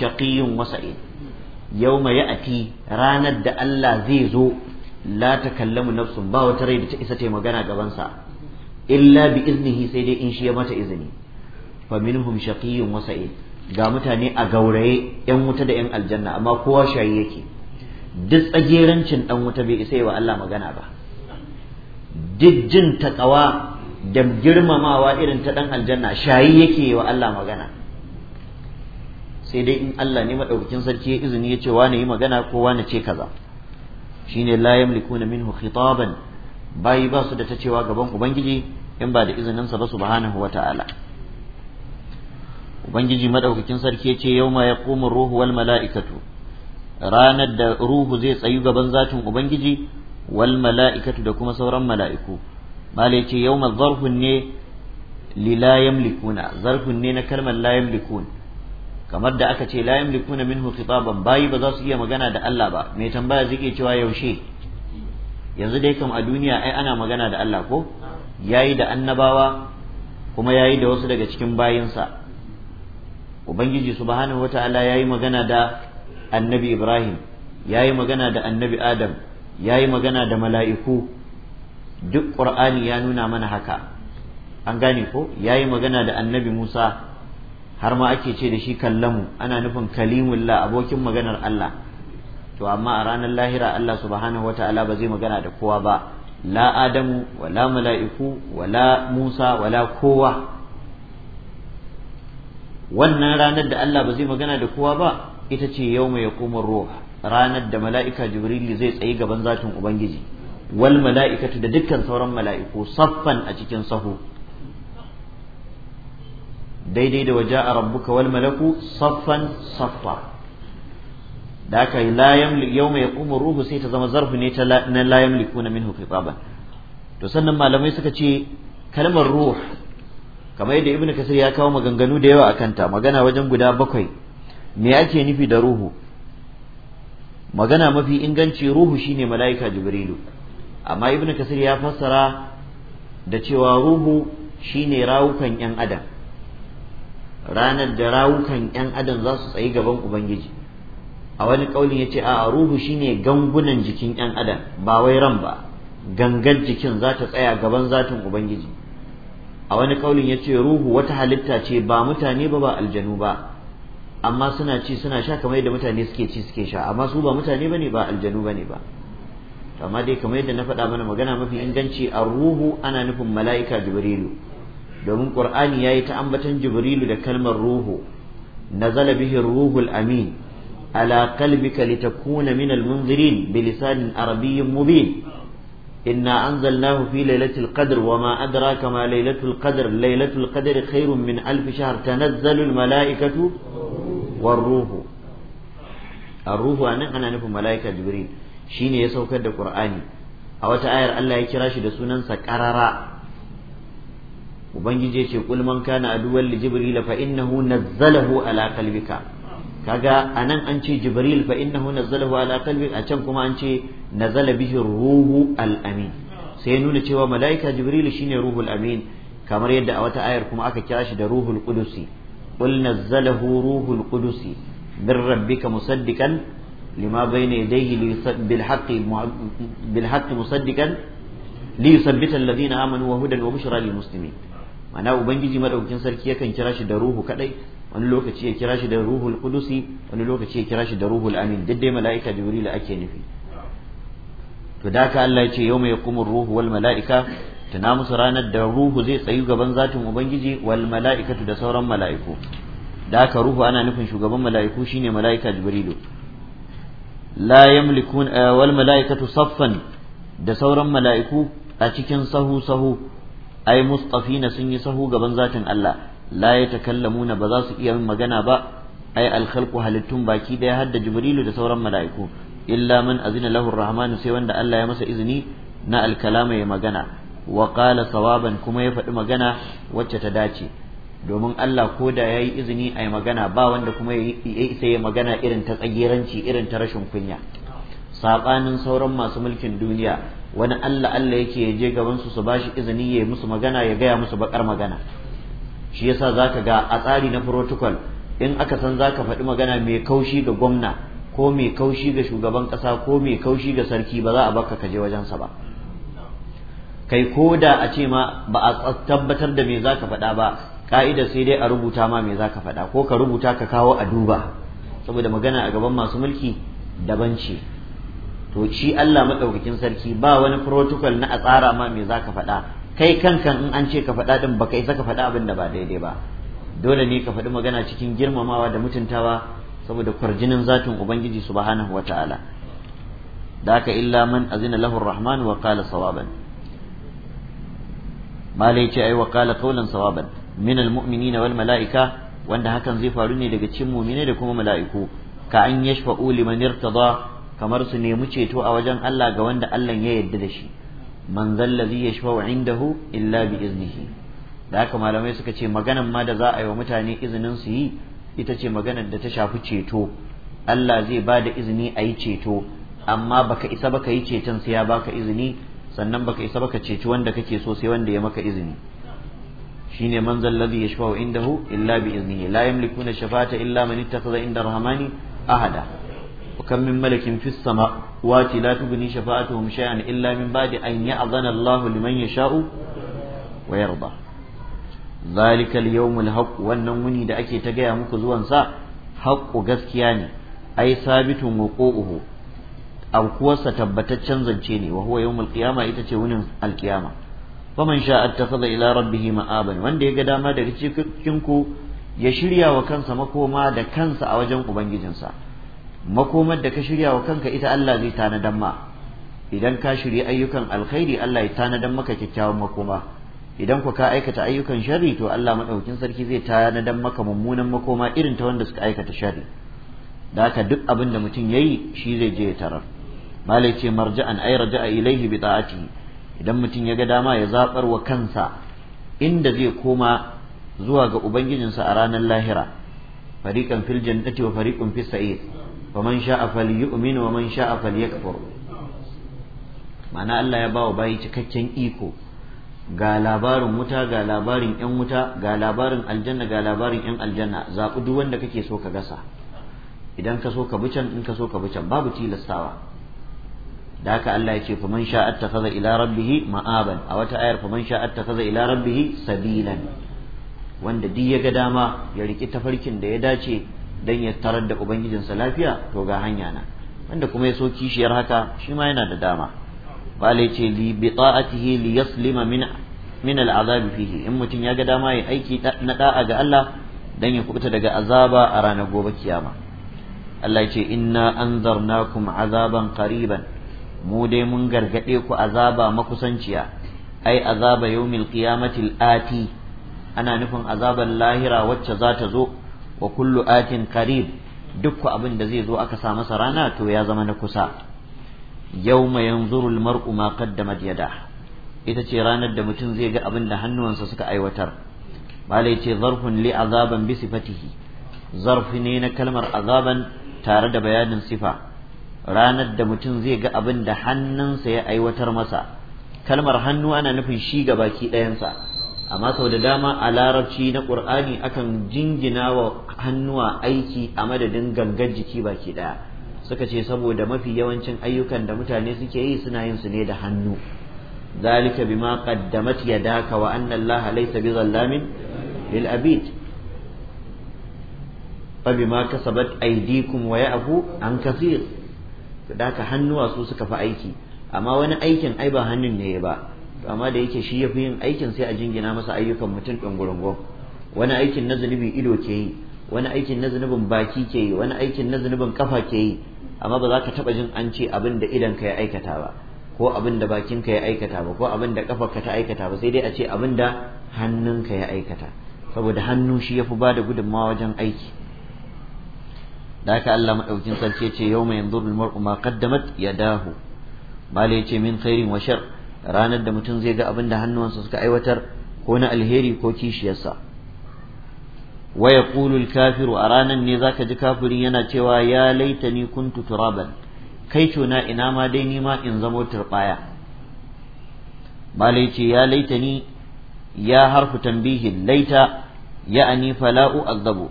shaqiyyun wa sa'id yawma ya'ti ranar da Allah zai zo la takallamu nafsun ba wata rai da ta isa ta magana gaban sa illa bi iznihi sai dai in shi ya mata izini fa minhum shaqiyyun wa sa'id ga mutane a gauraye yan wuta da yan aljanna amma kowa shayi yake duk tsagerancin dan wuta bai isa wa Allah magana ba duk jin takawa da girmamawa irin ta dan aljanna shayi yake wa Allah magana sai dai in Allah ne madaukakin sarki ya izini ya ce wane yi magana ko wane ce kaza shine la yamlikuna minhu khitaban bayi ba su da ta cewa gaban ubangiji in ba da izininsa ba subhanahu wata'ala ubangiji madaukakin sarki ya ce yauma yaqumu ruhu wal mala'ikatu ranar da ruhu zai tsayu gaban zatin ubangiji wal mala'ikatu da kuma sauran mala'iku ya ce yauma zarfun ne lilayen likuna ne na kalmar la likun kamar da aka ce la yamlikuna minhu ban bayi ba za su iya magana da Allah ba mai tambaya zai cewa yaushe yanzu dai kam a duniya ai ana magana da Allah ko yayi da annabawa kuma yayi da wasu daga cikin bayinsa ubangiji subhanahu wataala yayi magana da annabi ibrahim yayi magana da annabi adam yayi magana da mala'iku duk qur'ani ya nuna mana haka an gane ko yayi magana da annabi musa har ma ake ce da shi kallamu ana nufin kalimullah abokin maganar allah to amma a ranar lahira Allah subhanahu wata'ala ba zai magana da kowa ba la adamu wala mala'iku wala musa wala kowa wannan ranar da Allah ba zai magana da kowa ba ita ce yau mai yakumar ruwa ranar da mala'ika jibril zai tsayi gaban zatin ubangiji wal mala'ikatu da dukkan sauran mala'iku saffan a cikin sahu daidai da waja'a rabbuka wal malaku saffan saffa da aka yi yau mai yakumar ruhu sai ta zama zarfi ne na layan yamliku na minhu khitaban to sannan malamai suka ce kalmar ruh kamar yadda ibnu kasir ya kawo maganganu da yawa akan ta magana wajen guda bakwai me yake nufi da ruhu magana mafi inganci ruhu shine mala'ika jibrilu amma ibnu kasir ya fassara da cewa ruhu shine rawukan yan adam ranar da rawukan yan adam za su tsayi gaban ubangiji a wani kaulin ya ce a ruhu shine gangunan jikin yan adam ba wai ran ba gangan jikin za ta tsaya gaban zatin ubangiji a wani kaulin ya ce ruhu wata halitta ce ba mutane ba ba aljanu ba amma suna ci suna sha kamar yadda mutane suke ci suke sha amma su ba mutane ne ba aljanu ne ba to amma dai kamar yadda na faɗa mana magana mafi inganci a ruhu ana nufin mala'ika jibrilu domin qur'ani yi ta ambatan jibrilu da kalmar ruhu nazala bihi ruhul amin ala qalbika litakuna min almunzirin bilisanin arabiyyin mubin إنا أنزلناه في ليلة القدر وما أدراك ما ليلة القدر ليلة القدر خير من ألف شهر تنزل الملائكة والروح الروح أنا أنا نفهم ملائكة جبريل شيني يسوك القرآن أو تآير الله يكراش دسونا سكررا وبنجي جيش يقول من كان أدوا لجبريل فإنه نزله على قلبك kaga anan an ce jibril fa innahu nazzalahu ala qalbi a can kuma an ce nazala bihi ruhu al-amin sai ya nuna cewa malaika jibril shine ruhul amin kamar yadda a wata ayar kuma aka kira shi da ruhul qudusi qul nazzalahu ruhul qudusi min rabbika musaddiqan lima bayna yadayhi bil haqqi bil haqqi musaddiqan liyuthabbita alladhina amanu wa hudan wa bushra lil muslimin mana ubangiji madaukakin sarki yakan kira shi da ruhu kadai wani lokaci ya kira shi da ruhul qudusi wani lokaci ya kira shi da ruhul amin duk dai mala'ika jibril ake nufi to da ka Allah ya ce yawma yaqumur ruhu wal mala'ika tana musu ranar da ruhu zai tsayu gaban zatin ubangiji wal mala'ikatu da sauran mala'iku da ka ruhu ana nufin shugaban mala'iku shine mala'ika jibrilu la yamlikun eh, wal mala'ikatu saffan da sauran mala'iku a cikin sahu sahu ai mustafina sun yi sahu gaban zatin Allah la yatakallamuna ba za su iya yin magana ba ai alkhalqu halittun baki daya har da jibrilu da sauran mala'iku illa man azina lahu rahmanu sai wanda Allah ya masa izini na alkalama ya magana wa qala sawaban kuma ya faɗi magana wacce ta dace domin Allah ko da ya yi izini a magana ba wanda kuma ya isa ya magana irin ta tsagiranci irin ta rashin kunya sabanin sauran masu mulkin duniya wani Allah Allah yake ya je gaban su su bashi izini ya musu magana ya gaya musu bakar magana shi yasa zaka ga a tsari na protocol in aka san zaka faɗi magana mai kaushi ga gwamna ko mai kaushi ga shugaban ƙasa ko mai kaushi ga sarki ba za a baka ka je wajensa ba kai ko da a ce ma ba a tabbatar da me zaka faɗa ba ka'ida sai dai a rubuta ma me zaka faɗa ko ka rubuta ka kawo a duba saboda magana a gaban masu mulki daban ce to shi Allah madaukakin sarki ba wani protocol na a tsara ma me zaka faɗa kai kankan in an ce ka faɗa din baka isa ka faɗa abin da ba daidai ba dole ne ka faɗi magana cikin girmamawa da mutuntawa saboda kwarjinin zatin ubangiji subhanahu wataala da haka illa man azina lahu rahman wa qala sawaban malai ce ai wa qala qawlan sawaban min na wal mala'ika wanda hakan zai faru ne daga cikin mu'mine da kuma mala'iku ka an yashfa'u liman irtada kamar su nemi ceto a wajen Allah ga wanda Allah ya yarda da shi man zallazi yashfa'u indahu illa bi iznihi da haka malamai suka ce maganan ma da za a yi wa mutane izinin su yi ita ce maganar da ta shafi ceto Allah zai ba da izini a yi ceto amma baka isa baka yi ceton sai ya baka izini sannan baka isa baka ceci wanda kake so sai wanda ya maka izini shine man zallazi yashfa'u indahu illa bi iznihi la yamlikuna shafa'ata illa man ittakhadha inda rahmani ahada wa kam min malakin fis samawati la tughni shafa'atuhum illa min ba'di an ya'zana Allahu liman yasha'u wa yarda zalikal yawmul wannan wuni da ake ta gaya muku zuwan sa haqqu gaskiya ne ai sabitun wuquhu sa tabbataccen zance ne wa huwa yawmul qiyama ita ce wunin alqiyama faman sha'a attakhadha ila rabbih ma'aban wanda ya ga dama daga cikin ku ya shirya wa kansa makoma da kansa a wajen ubangijinsa makomar da ka shirya wa kanka ita Allah zai tanadan ma idan ka shirya ayyukan alkhairi Allah ya tanadan maka kyakkyawan makoma idan ku ka aikata ayyukan sharri to Allah madaukin sarki zai tanadan maka mummunan makoma irin ta wanda suka aikata sharri da haka duk abin da mutum yayi shi zai je ya tarar malai ce marja'an ay raja'a ilaihi bi ta'atihi idan mutum ya ga dama ya zabar wa kansa inda zai koma zuwa ga ubangijinsa a ranar lahira fariqan fil jannati wa fariqan fis faman sha'a falyu'min wa man sha'a falyakfur ma'ana Allah ya ba wa bayi cikakken iko ga labarin wuta ga labarin yan wuta ga labarin aljanna ga labarin yan aljanna zaɓi duk wanda kake so ka gasa idan ka so ka bucan in ka so ka bucan babu tilastawa da haka Allah ya ce faman sha'a attakhadha ila rabbih ma'aban a wata ayar faman sha'a attakhadha ila rabbih sabilan wanda duk ya ga dama ya riki tafarkin da ya dace dan ya tarar da ubangijinsa lafiya to ga hanya na wanda kuma ya so kishiyar haka shi ma yana da dama bala ce li bi ta'atihi li yaslima min min al'azab fihi in mutum ya ga dama ya aiki na da'a ga Allah dan ya kubuta daga azaba a ranar gobe kiyama Allah ya ce inna anzarnakum azaban qariban mu dai mun gargade ku azaba makusanciya ai azaba yawmil qiyamati ati ana nufin azaban lahira wacce za ta zo wa kullu atin qarib duk abin da zai zo aka sa masa rana to ya zama na kusa yawma yanzuru almar'u ma qaddamat yadah ita ce ranar da mutum zai ga abin da hannuwansa suka aiwatar malai ce zarfun li azaban bi sifatihi zarfi ne na kalmar azaban tare da bayanin sifa ranar da mutum zai ga abin da hannunsa ya aiwatar masa kalmar hannu ana nufin shi ga baki ɗayansa amma sau da dama a larabci na ƙur'ani akan jingina wa hannuwa aiki a madadin gangar jiki baki ɗaya suka ce saboda mafi yawancin ayyukan da mutane suke yi suna yin su ne da hannu ذلك بما قدمت يداك وأن الله ليس بظلام للأبيد kasabat aydikum wa ya'fu an kathir daka hannuwa su suka fi aiki amma wani aikin ai ba hannun ne ba amma da yake shi yafi yin aikin sai a jingina masa ayyukan mutum ɗungurungun wani aikin na zunubi ido ke yi wani aikin na zunubin baki ke yi wani aikin na zunubin kafa ke yi amma ba za ka taba jin an ce abin da idan ka ya aikata ba ko abin da bakin ka ya aikata ba ko abin da kafar ka ta aikata ba sai dai a ce abin da hannun ka ya aikata saboda hannu shi yafi ba da gudunmawa wajen aiki da haka Allah madaukin sarki ce yau mai yanzu mar'u ma qaddamat yadahu ya ce min khairin wa shar ranar da mutum zai ga abin da hannuwansa suka aiwatar ko na alheri ko kishiyarsa wa yaqulu kafiru a ranan ne zaka ji kafiri yana cewa ya ni kuntu turaban kai na ina ma dai ni ma in zamo turbaya malai ce ya ni ya harfu tambihin laita ya'ani fala'u azabu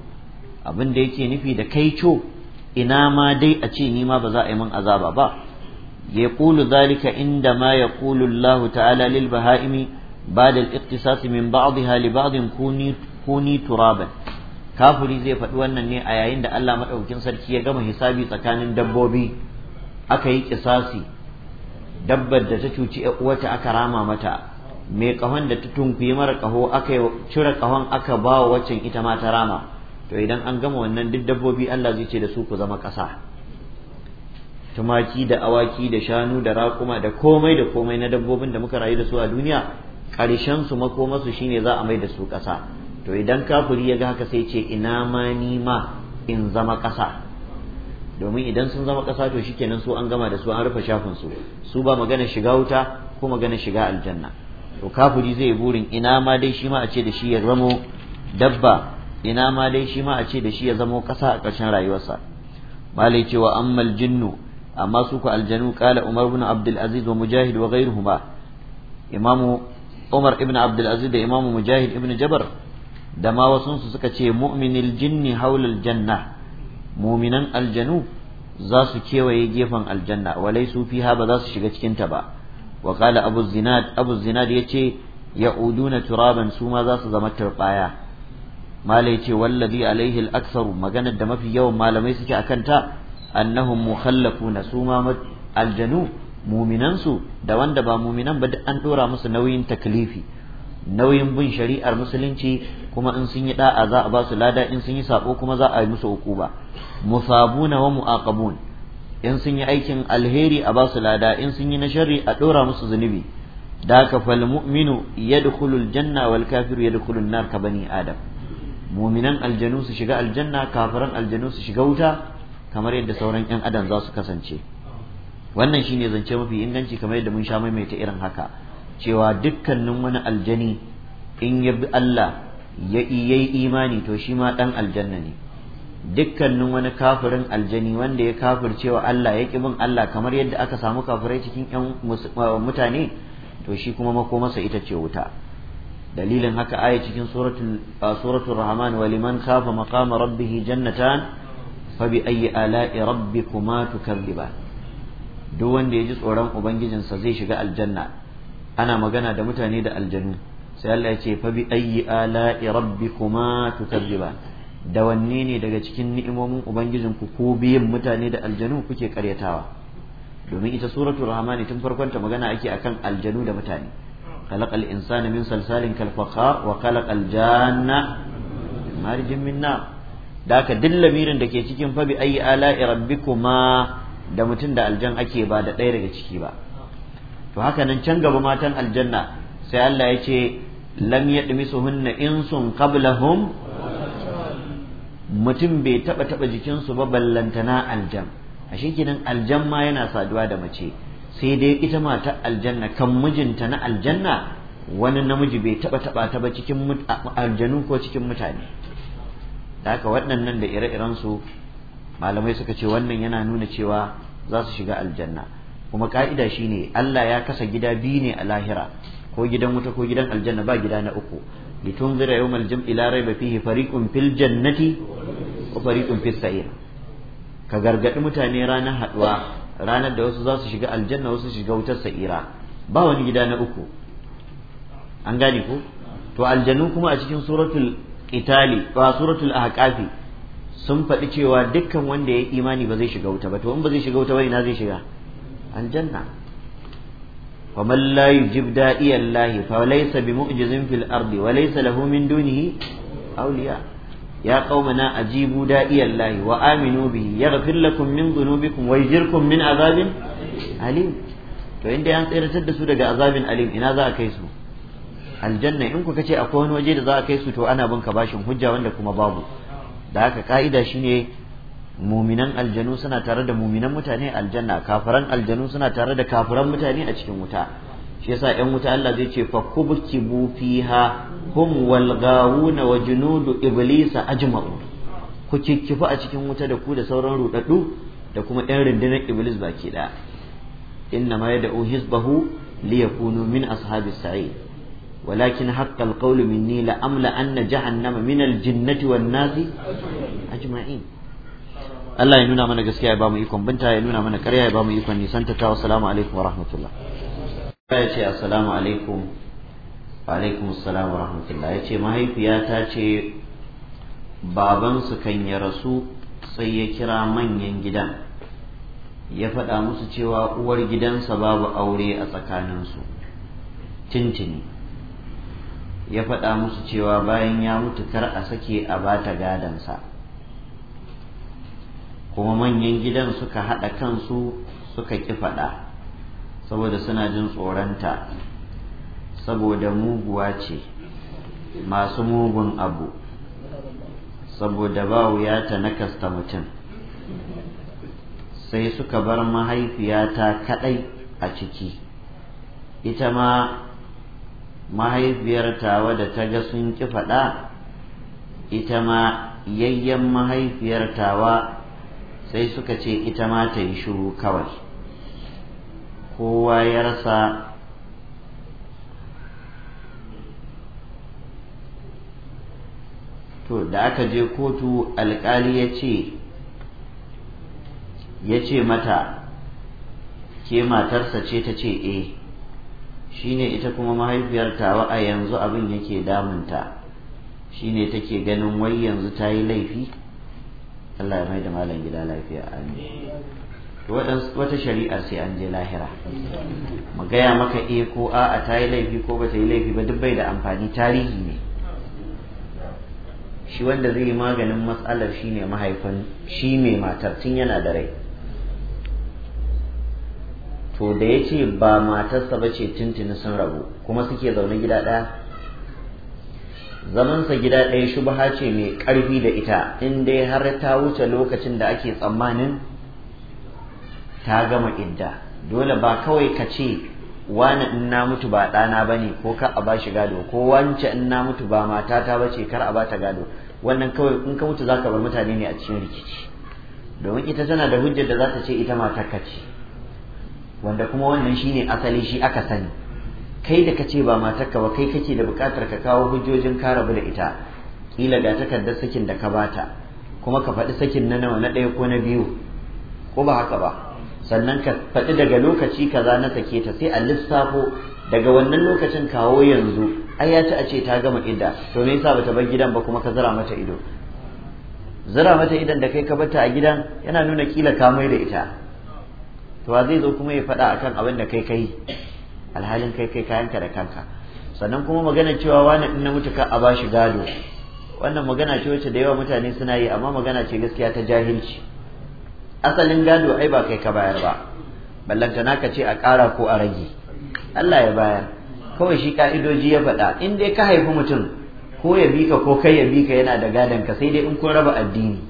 abin da yake nufi da kaico ina ma dai a ce ni ma ba za a yi min azaba ba يقول ذلك عندما يقول الله تعالى للبهائم بعد الاقتصاص من بعضها لبعض كوني kuni turaban kafiri zai faɗi wannan ne a yayin da Allah maɗaukin sarki ya gama hisabi tsakanin dabbobi aka yi kisasi dabbar da ta cuci uwata aka rama mata mai kahon da ta tunkuyi mara kaho aka cire kahon aka ba wa waccan ita ma ta rama to idan an gama wannan duk dabbobi Allah zai ce da su ku zama ƙasa tumaki da awaki da shanu da raƙuma da komai da komai na dabbobin da muka rayu da su a duniya ƙarshen su makomasu shine za a mai da su ƙasa to idan kafiri ya ga haka sai ce ina ma ni ma in zama ƙasa domin idan sun zama ƙasa to shikenan su an gama da su an rufe shafin su su ba magana shiga wuta ko magana shiga aljanna to kafiri zai burin ina ma dai shi ma a ce da shi ya zamo dabba ina ma dai shi ma a ce da shi ya zamo ƙasa a ƙarshen rayuwarsa malai cewa ammal jinnu amma su ku aljanu kala umar ibn abdul aziz wa mujahid wa ghayruhuma imamu umar ibn abdul aziz da imamu mujahid ibn jabar da ma wasunsu suka ce mu'minil jinni haulul janna muminan aljanu za su kewaye gefen aljanna walai su fiha ba za su shiga cikinta ba wa qala abu zinad abu zinad yace ya'uduna turaban su ma za su zama turbaya malai yace wallazi alaihi al maganar da mafi yawan malamai suke akan ta annahum mukhallafuna su ma aljanu muminan su da wanda ba muminan ba an dora musu nauyin taklifi nauyin bin shari'ar musulunci kuma in sun yi da'a za a ba su lada in sun yi sako kuma za a yi musu ukuba musabuna wa muaqabun in sun yi aikin alheri a ba su lada in sun yi na sharri a dora musu zunubi da ka fal mu'minu yadkhulul janna wal kafiru yadkhulun nar ka bani adam mu'minan aljanu su shiga aljanna kafiran aljannu su shiga wuta kamar yadda sauran yan adam za su kasance wannan shine zance mafi inganci kamar yadda mun sha maimaita irin haka cewa dukkanin wani aljani in ya bi Allah ya yi imani to shi ma ɗan aljanna ne dukkanin wani kafirin aljani wanda ya kafir cewa Allah ya ki bin Allah kamar yadda aka samu kafirai cikin mutane to shi kuma makomarsa ita ce wuta dalilin haka aya cikin suratul suratul rahman wa liman khafa maqama rabbih jannatan fa bi ayyi ala'i rabbikuma tukadziban duk wanda ya ji tsoron ubangijinsa zai shiga aljanna ana magana da mutane da aljanu sai Allah ya ce fa bi ayyi ala'i rabbikuma tukadziban da wanne ne daga cikin ni'imomin ubangijinku ko biyin mutane da aljanu kuke karyatawa domin ita suratul rahmani tun farkon ta magana ake akan aljanu da mutane خلق الإنسان من صلصال كالفخار وخلق الجنة من مارج من نار daka duk lamirin da ke cikin fa bi ayi ala'i rabbikuma da mutum da ake ba da ɗaya daga ciki ba to haka nan can gaba matan aljanna sai Allah ya ce lam yadmisuhunna insun qablahum mutum bai taba taba jikinsu ba ballantana aljan a shikinin aljan ma yana saduwa da mace sai dai ita mata aljanna kan mijinta na aljanna wani namiji bai taba taba ta ba cikin aljanu ko cikin mutane da haka waɗannan da ire iren su malamai suka ce wannan yana nuna cewa za su shiga aljanna kuma ka'ida shine Allah ya kasa gida biyu ne a lahira ko gidan wuta ko gidan aljanna ba gida na uku litunzira yawmal jam'i la ba fihi fariqun fil jannati wa fariqun fis sa'ir ka gargadi mutane ranar haduwa ranar da wasu za su shiga aljanna wasu shiga wutar sa'ira ba wani gida na uku an gane ko to aljanu kuma a cikin suratul qitali ba suratul ahqafi sun faɗi cewa dukkan wanda ya imani ba zai shiga wuta ba to in ba zai shiga wuta ba ina zai shiga aljanna wa man la yujib da'iya Allah fa laysa bi mu'jizin fil ardi wa laysa lahu min dunihi awliya ya qaumana ajibu da'iya Allah wa aminu bihi yaghfir lakum min min azabin to inda an tsere da su daga azabin alim ina za a kai su aljanna in kuka ce akwai wani waje da za a kai su to ana bin ka bashin hujja wanda kuma babu da haka ka'ida shine muminan aljanu suna tare da muminan mutane aljanna kafiran aljanu suna tare da kafiran mutane a cikin wuta shi yasa yan wuta Allah zai ce fa kubkibu fiha hum wal gawuna wa junudu iblisa ajma'u ku kikkifa a cikin wuta da ku da sauran rudaddu da kuma yan rundunar iblis baki da inna ma yad'u hizbahu liyakunu min ashabis sa'id ولكن حق القول مني nama جهنم من الجنة والناس أجمعين Allah ya nuna mana gaskiya ya ba mu ikon binta ya nuna mana ƙarya ya ba mu ikon nisanta ta "Salamu alaikum wa rahmatullah ya ce assalamu alaikum wa alaikum assalamu wa rahmatullah ya ce mahaifiya ta ce babansu kan ya rasu sai ya kira manyan gidan ya faɗa musu cewa uwar gidansa babu aure a tsakaninsu tintini ya faɗa musu cewa bayan ya mutu kar a sake a bata gadansa kuma manyan gidan suka haɗa kansu suka ƙi faɗa saboda suna jin tsoronta saboda muguwa ce masu mugun abu saboda ba wuya ta nakasta mutum sai suka bar mahaifiyata kaɗai a ciki ita ma mahaifiyar tawa da ta ga sun ƙi faɗa ita ma yayyan mahaifiyar tawa sai suka ce ita ma ta yi shiru kawai kowa ya rasa to da aka je kotu alkali ya ce ya ce mata ke matarsa ce ta ce e eh, shine ita kuma mahaifiyar tawa a yanzu abin yake damunta shine take ganin wai yanzu ta yi laifi Allah ya mai da malam gida lafiya amin wata shari'a sai an je lahira mu gaya maka eh ko a ta yi laifi ko ba ta yi laifi ba duk bai da amfani tarihi ne shi wanda zai yi maganin matsalar shine mahaifin shi mai matar tun yana da rai to da ya ce ba matarsa ba ce tuntuni sun rabu kuma suke zaune gida ɗaya zamansa gida ɗaya shubha ce mai ƙarfi da ita in dai har ta wuce lokacin da ake tsammanin ta gama idda dole ba kawai ka ce wani in na mutu ba ɗana ba ne ko kar a ba shi gado ko wance in na mutu ba matata ba ce kar a ba ta gado wannan kawai in ka mutu za ka bar mutane ne a cikin rikici domin ita tana da hujjar da za ta ce ita ka ce wanda kuma wannan shine asali shi aka sani kai da kace ba matarka ba kai kake da buƙatar ka kawo hujjojin ka rabu da ita kila ga takardar sakin da ka bata kuma ka faɗi sakin na nawa na ɗaya ko na biyu ko ba haka ba sannan ka faɗi daga lokaci kaza na sake ta sai a lissafo daga wannan lokacin kawo yanzu ai ya ci a ce ta gama idda to me yasa bata bar gidan ba kuma ka zira mata ido zira mata idan da kai ka bata a gidan yana nuna kila ka mai da ita to zai zo kuma ya faɗa akan abin da kai kai alhalin kai kai kayanka da kanka sannan kuma magana cewa wani in na mutu ka a bashi gado wannan magana ce wacce da yawa mutane suna yi amma magana ce gaskiya ta jahilci asalin gado ai ba kai ka bayar ba ballanta naka ce a ƙara ko a rage Allah ya bayar kawai shi ka'idoji ya faɗa in dai ka haifi mutum ko ya bi ka ko kai ya bi ka yana da gadon ka sai dai in kun raba addini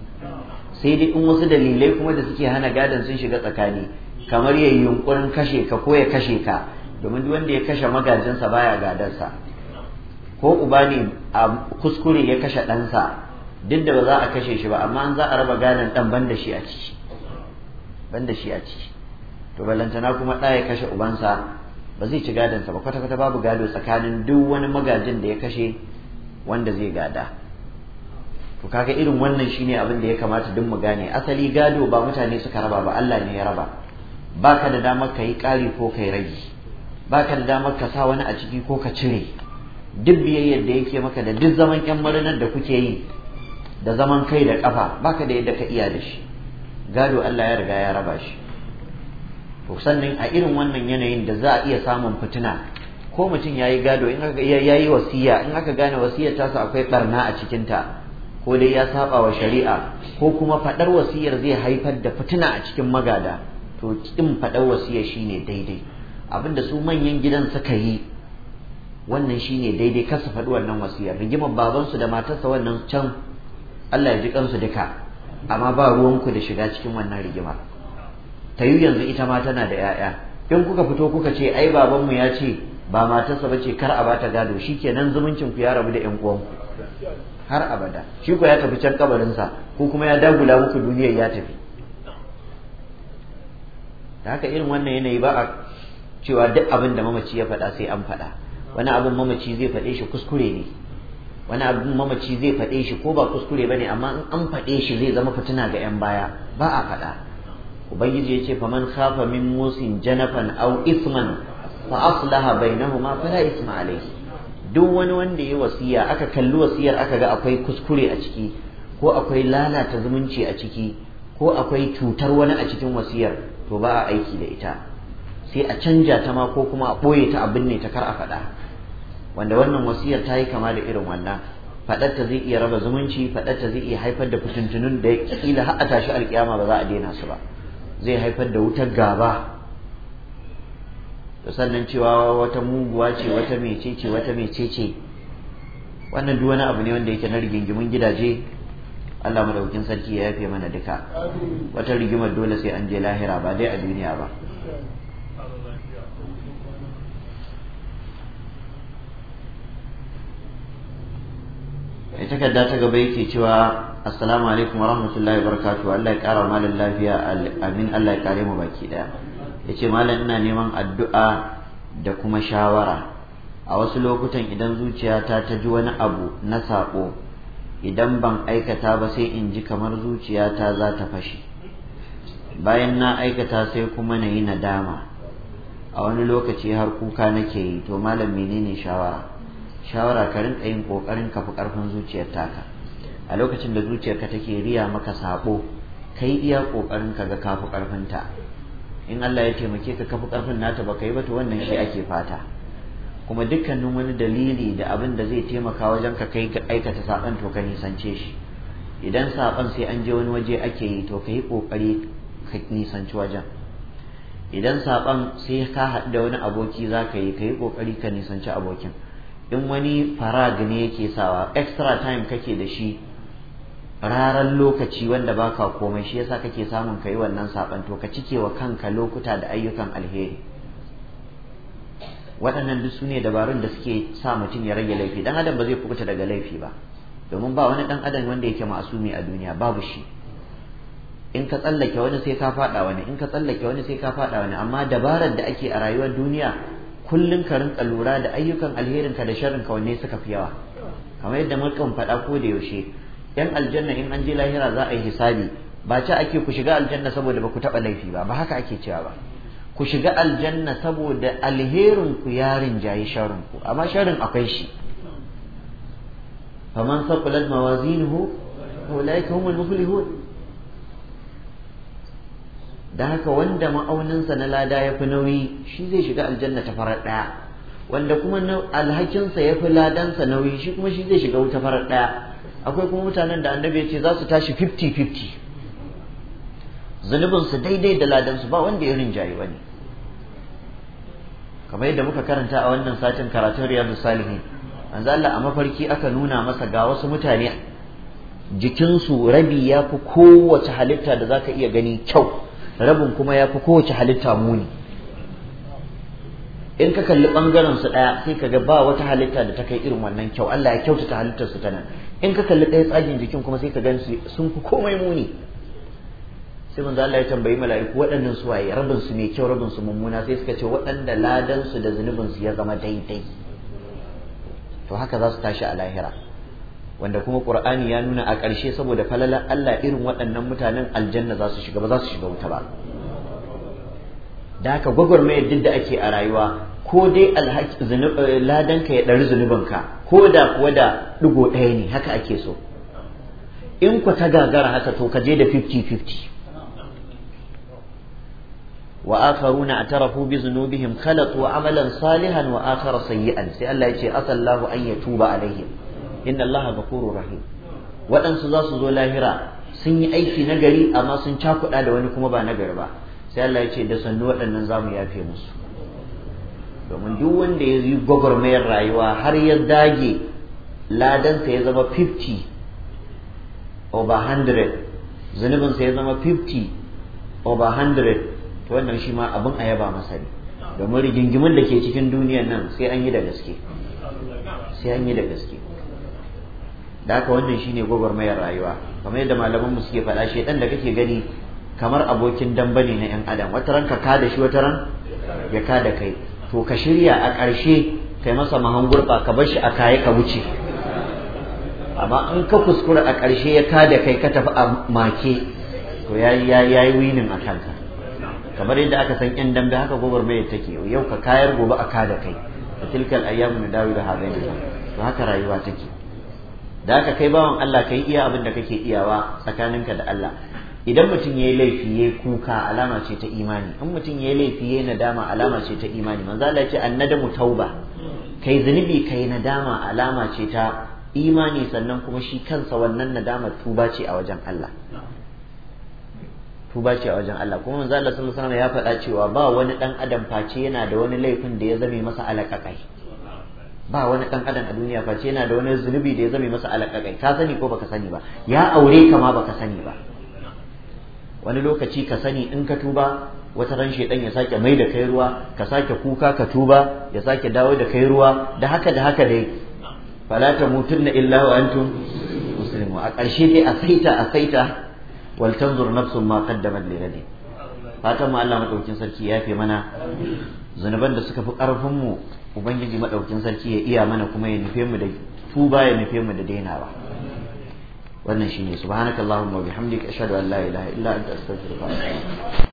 sai dai in wasu dalilai kuma da suke hana gadon sun shiga tsakani kamar ya yi yunkurin kashe ka ko ya kashe ka domin duk wanda ya kashe magajinsa baya gadarsa ko uba ne a kuskure ya kashe ɗansa duk da ba za a kashe shi ba amma an za a raba gadon ɗan banda shi a ciki Banda shi a ciki to balantana kuma ɗa ya kashe ubansa ba zai ci gadonsa ba kwata-kwata babu gado tsakanin duk wani magajin da ya kashe wanda zai gada to kaga irin wannan shine abin da ya kamata duk mu gane asali gado ba mutane suka raba ba Allah ne ya raba baka da damar ka kari ko kai rage baka da damar ka sa wani a ciki ko ka cire duk biyayyar da yake maka da duk zaman yan murnar da kuke yi da zaman kai da kafa baka da yadda ka iya da shi gado Allah ya riga ya raba shi to sannan a irin wannan yanayin da za a iya samun fitina ko mutum yayi gado in aka yayi wasiya in aka gane wasiyar su akwai barna a cikin ta ko dai ya saba wa shari'a ko kuma fadar wasiyar zai haifar da fitina a cikin magada to kin fadar wasiyar shine daidai abinda su manyan gidan suka yi wannan shine daidai kasa faɗi wannan wasiyar rigimar babansu da matarsa wannan can Allah ya ji kansu duka amma ba ruwanku da shiga cikin wannan rigima ta yi yanzu ita ma tana da 'ya'ya in kuka fito kuka ce ai babanmu ya ce ba matarsa ba ce kar a bata gado shikenan zumuncin ku ya rabu da 'yan uwanku har abada shi ko ya tafi can kabarinsa ko kuma ya dagula muku duniyar ya tafi da haka irin wannan yanayi ba a cewa duk abin da mamaci ya faɗa sai an faɗa wani abin mamaci zai faɗe shi kuskure ne wani abin mamaci zai faɗe shi ko ba kuskure ba ne amma in an faɗe shi zai zama fitina ga 'yan baya ba a faɗa ubangiji ya ce faman khafa min musin janafan au isman fa aslaha bainahuma fala isma alayhi duk wani wanda ya wasiya aka kalli wasiyar aka ga akwai kuskure a ciki ko akwai lalata zumunci a ciki ko akwai cutar wani a cikin wasiyar to ba a aiki da ita sai a canja ta ma ko kuma a ɓoye ta abin ne ta kar a faɗa wanda wannan wasiyar ta yi kama da irin wannan faɗar ta zai iya raba zumunci faɗar ta zai iya haifar da fitintunun da kila har a tashi alƙiyama ba za a daina su ba zai haifar da wutar gaba to sannan cewa wata muguwa ce wata ce wata ce wannan duk wani abu ne wanda yake na rigingimin gidaje Allah madaukin sarki ya yafe mana duka wata rigimar dole sai an je lahira ba dai a duniya ba mai eh, takarda ta gaba yake cewa assalamu alaikum wa rahmatullahi barakatuhu Allah ya kara malam lafiya amin Allah ya kare mu baki daya yace malam ina neman addu'a da kuma shawara a wasu lokutan idan zuciya ta ta ji wani abu na sako idan ban aikata ba sai in ji kamar zuciya ta za ta fashe bayan na aikata sai kuma na yi nadama a wani lokaci har kuka nake yi to malam menene shawara shawara ka rinka yin kokarin ka fi karfin zuciyar taka a lokacin da zuciyarka take riya maka sabo kai iya kokarin ka ga ka fi karfin ta in Allah ya taimake ka kafi karfin nata ba kai ba to wannan shi ake fata kuma dukkanin wani dalili da abin da zai taimaka wajen ka kai ga aikata saban to ka nisance shi idan saban sai an je wani waje ake yi to ka yi kokari ka nisanci wajen idan saban sai ka haɗu da wani aboki za ka yi ka yi kokari ka nisanci abokin in wani farag ne yake sawa extra time kake da shi raran lokaci wanda baka komai shi yasa kake samun kai wannan saban to ka cike wa kanka lokuta da ayyukan alheri waɗannan duk su ne dabarun da suke sa mutum ya rage laifi dan adam ba zai kubuta daga laifi ba domin ba wani dan adam wanda yake ma'asumi a duniya babu shi in ka tsallake wani sai ka faɗa wani in ka tsallake wani sai ka faɗa wani amma dabarar da ake a rayuwar duniya kullum ka rinka lura da ayyukan alherin ka da sharrin ka wanne suka fi yawa kamar yadda mukan faɗa ko da yaushe yan aljanna in an je lahira za a yi hisabi ba ce ake ku shiga aljanna saboda ba ku taɓa laifi ba ba haka ake cewa ba ku shiga aljanna saboda alherin ku ya rinjayi sharrin ku amma sharrin akwai shi faman saqulat mawazinuhu ulaika humul muflihun da haka wanda ma'auninsa na lada ya fi nauyi shi zai shiga aljanna ta farar ɗaya wanda kuma alhakinsa ya fi ladansa nauyi shi kuma shi zai shiga wuta farar ɗaya akwai kuma mutanen da annabi ya ce za su tashi 50-50 zunubinsu daidai da ladansu ba wanda ya rinjaye ne. kamar yadda muka karanta a wannan satin karatun riyadu salihu manzo Allah a mafarki aka nuna masa ga wasu mutane jikinsu rabi ya fi kowace halitta da za ka iya gani kyau rabin kuma ya fi kowace halitta muni in ka kalli ɓangaren su ɗaya sai ka ga ba wata halitta da ta kai irin wannan kyau Allah ya kyautata halittar su ta nan in ka kalli ɗaya tsagin jikin kuma sai ka gan su sun fi komai muni sai manzo Allah ya tambayi mala'iku waɗannan su waye rabin su mai kyau rabin su mummuna sai suka ce waɗanda ladan su da zunubin su ya zama daidai to haka za su tashi a lahira wanda kuma qur'ani ya nuna a ƙarshe saboda falalar Allah irin waɗannan mutanen aljanna za su shiga ba za su shiga wuta ba da haka gwagwarmayar duk da ake a rayuwa ko dai eh, ladanka ya ɗari zunubanka ko da kuwa da ɗigo ɗaya ne haka ake so in ku ta gagara haka to ka je da 50-50 wa a atarafu bi zunubihim khalaqu amalan salihan wa akhara sayyi'an sai Allah ya ce asallahu an tuba alaihim inna allaha gafurur rahim waɗansu za su zo lahira sun yi aiki na gari amma sun cakuɗa da wani kuma ba na gari ba sai Allah ya ce da sannu waɗannan za mu yafe musu domin duk wanda ya yi gwagwarmayar rayuwa har ya dage ladansa ya zama 50 over 100 zunubinsa ya zama 50 over 100 to wannan shi ma abin a yaba masa ne domin rigingimin da ke cikin duniyar nan sai an yi da gaske sai an yi da gaske da haka wannan shine gwagwarmayar rayuwa kamar yadda malaman mu suke faɗa shi, shedan da kake gani kamar abokin damba ne na yan adam wata ran ka kada shi wata ran ya kada kai to ka shirya a ƙarshe kai masa mahangurba ka bar shi a kaye ka wuce amma in ka kuskura a ƙarshe ya kada kai ka tafi a make to yayi winin a kanka kamar yadda aka san yan dambe haka gwagwarmayar take yau ka kayar gobe a kada kai tilkal ayyamu da hadaina to haka rayuwa take da haka kai bawan Allah kai iya abin da kake iyawa tsakaninka da Allah idan mutum ya yi laifi ya kuka alama ce ta imani in mutum ya yi laifi ya nadama alama ce ta imani manzo Allah ya ce annadamu tauba kai zunubi kai nadama alama ce ta imani sannan kuma shi kansa wannan nadama tuba ce a wajen Allah tuba ce a wajen Allah kuma manzo Allah sallallahu alaihi wasallam ya faɗa cewa ba wani dan adam face yana da wani laifin da ya zame masa alaƙaƙai ba wani ɗan adam a duniya face yana da wani zunubi da ya zame masa alaƙaƙai ka sani ko baka sani ba ya aure ka ma baka sani ba wani lokaci ka sani in ka tuba wata ran shedan ya sake mai da kai ruwa ka sake kuka ka tuba ya sake dawo da kai ruwa da haka da haka dai fala na illa wa antum muslimu a ƙarshe dai a saita a saita wal tanzur nafsun ma qaddamat li ghadin fatan mu Allah madaukin sarki yafe mana zunuban da suka fi karfin mu ubangiji maɗaukin sarki ya iya mana kuma ya nufe mu da tuba ya nufe mu da dainawa wannan shine subhanakallahumma wa bihamdika ashhadu an la ilaha illa anta astaghfiruka wa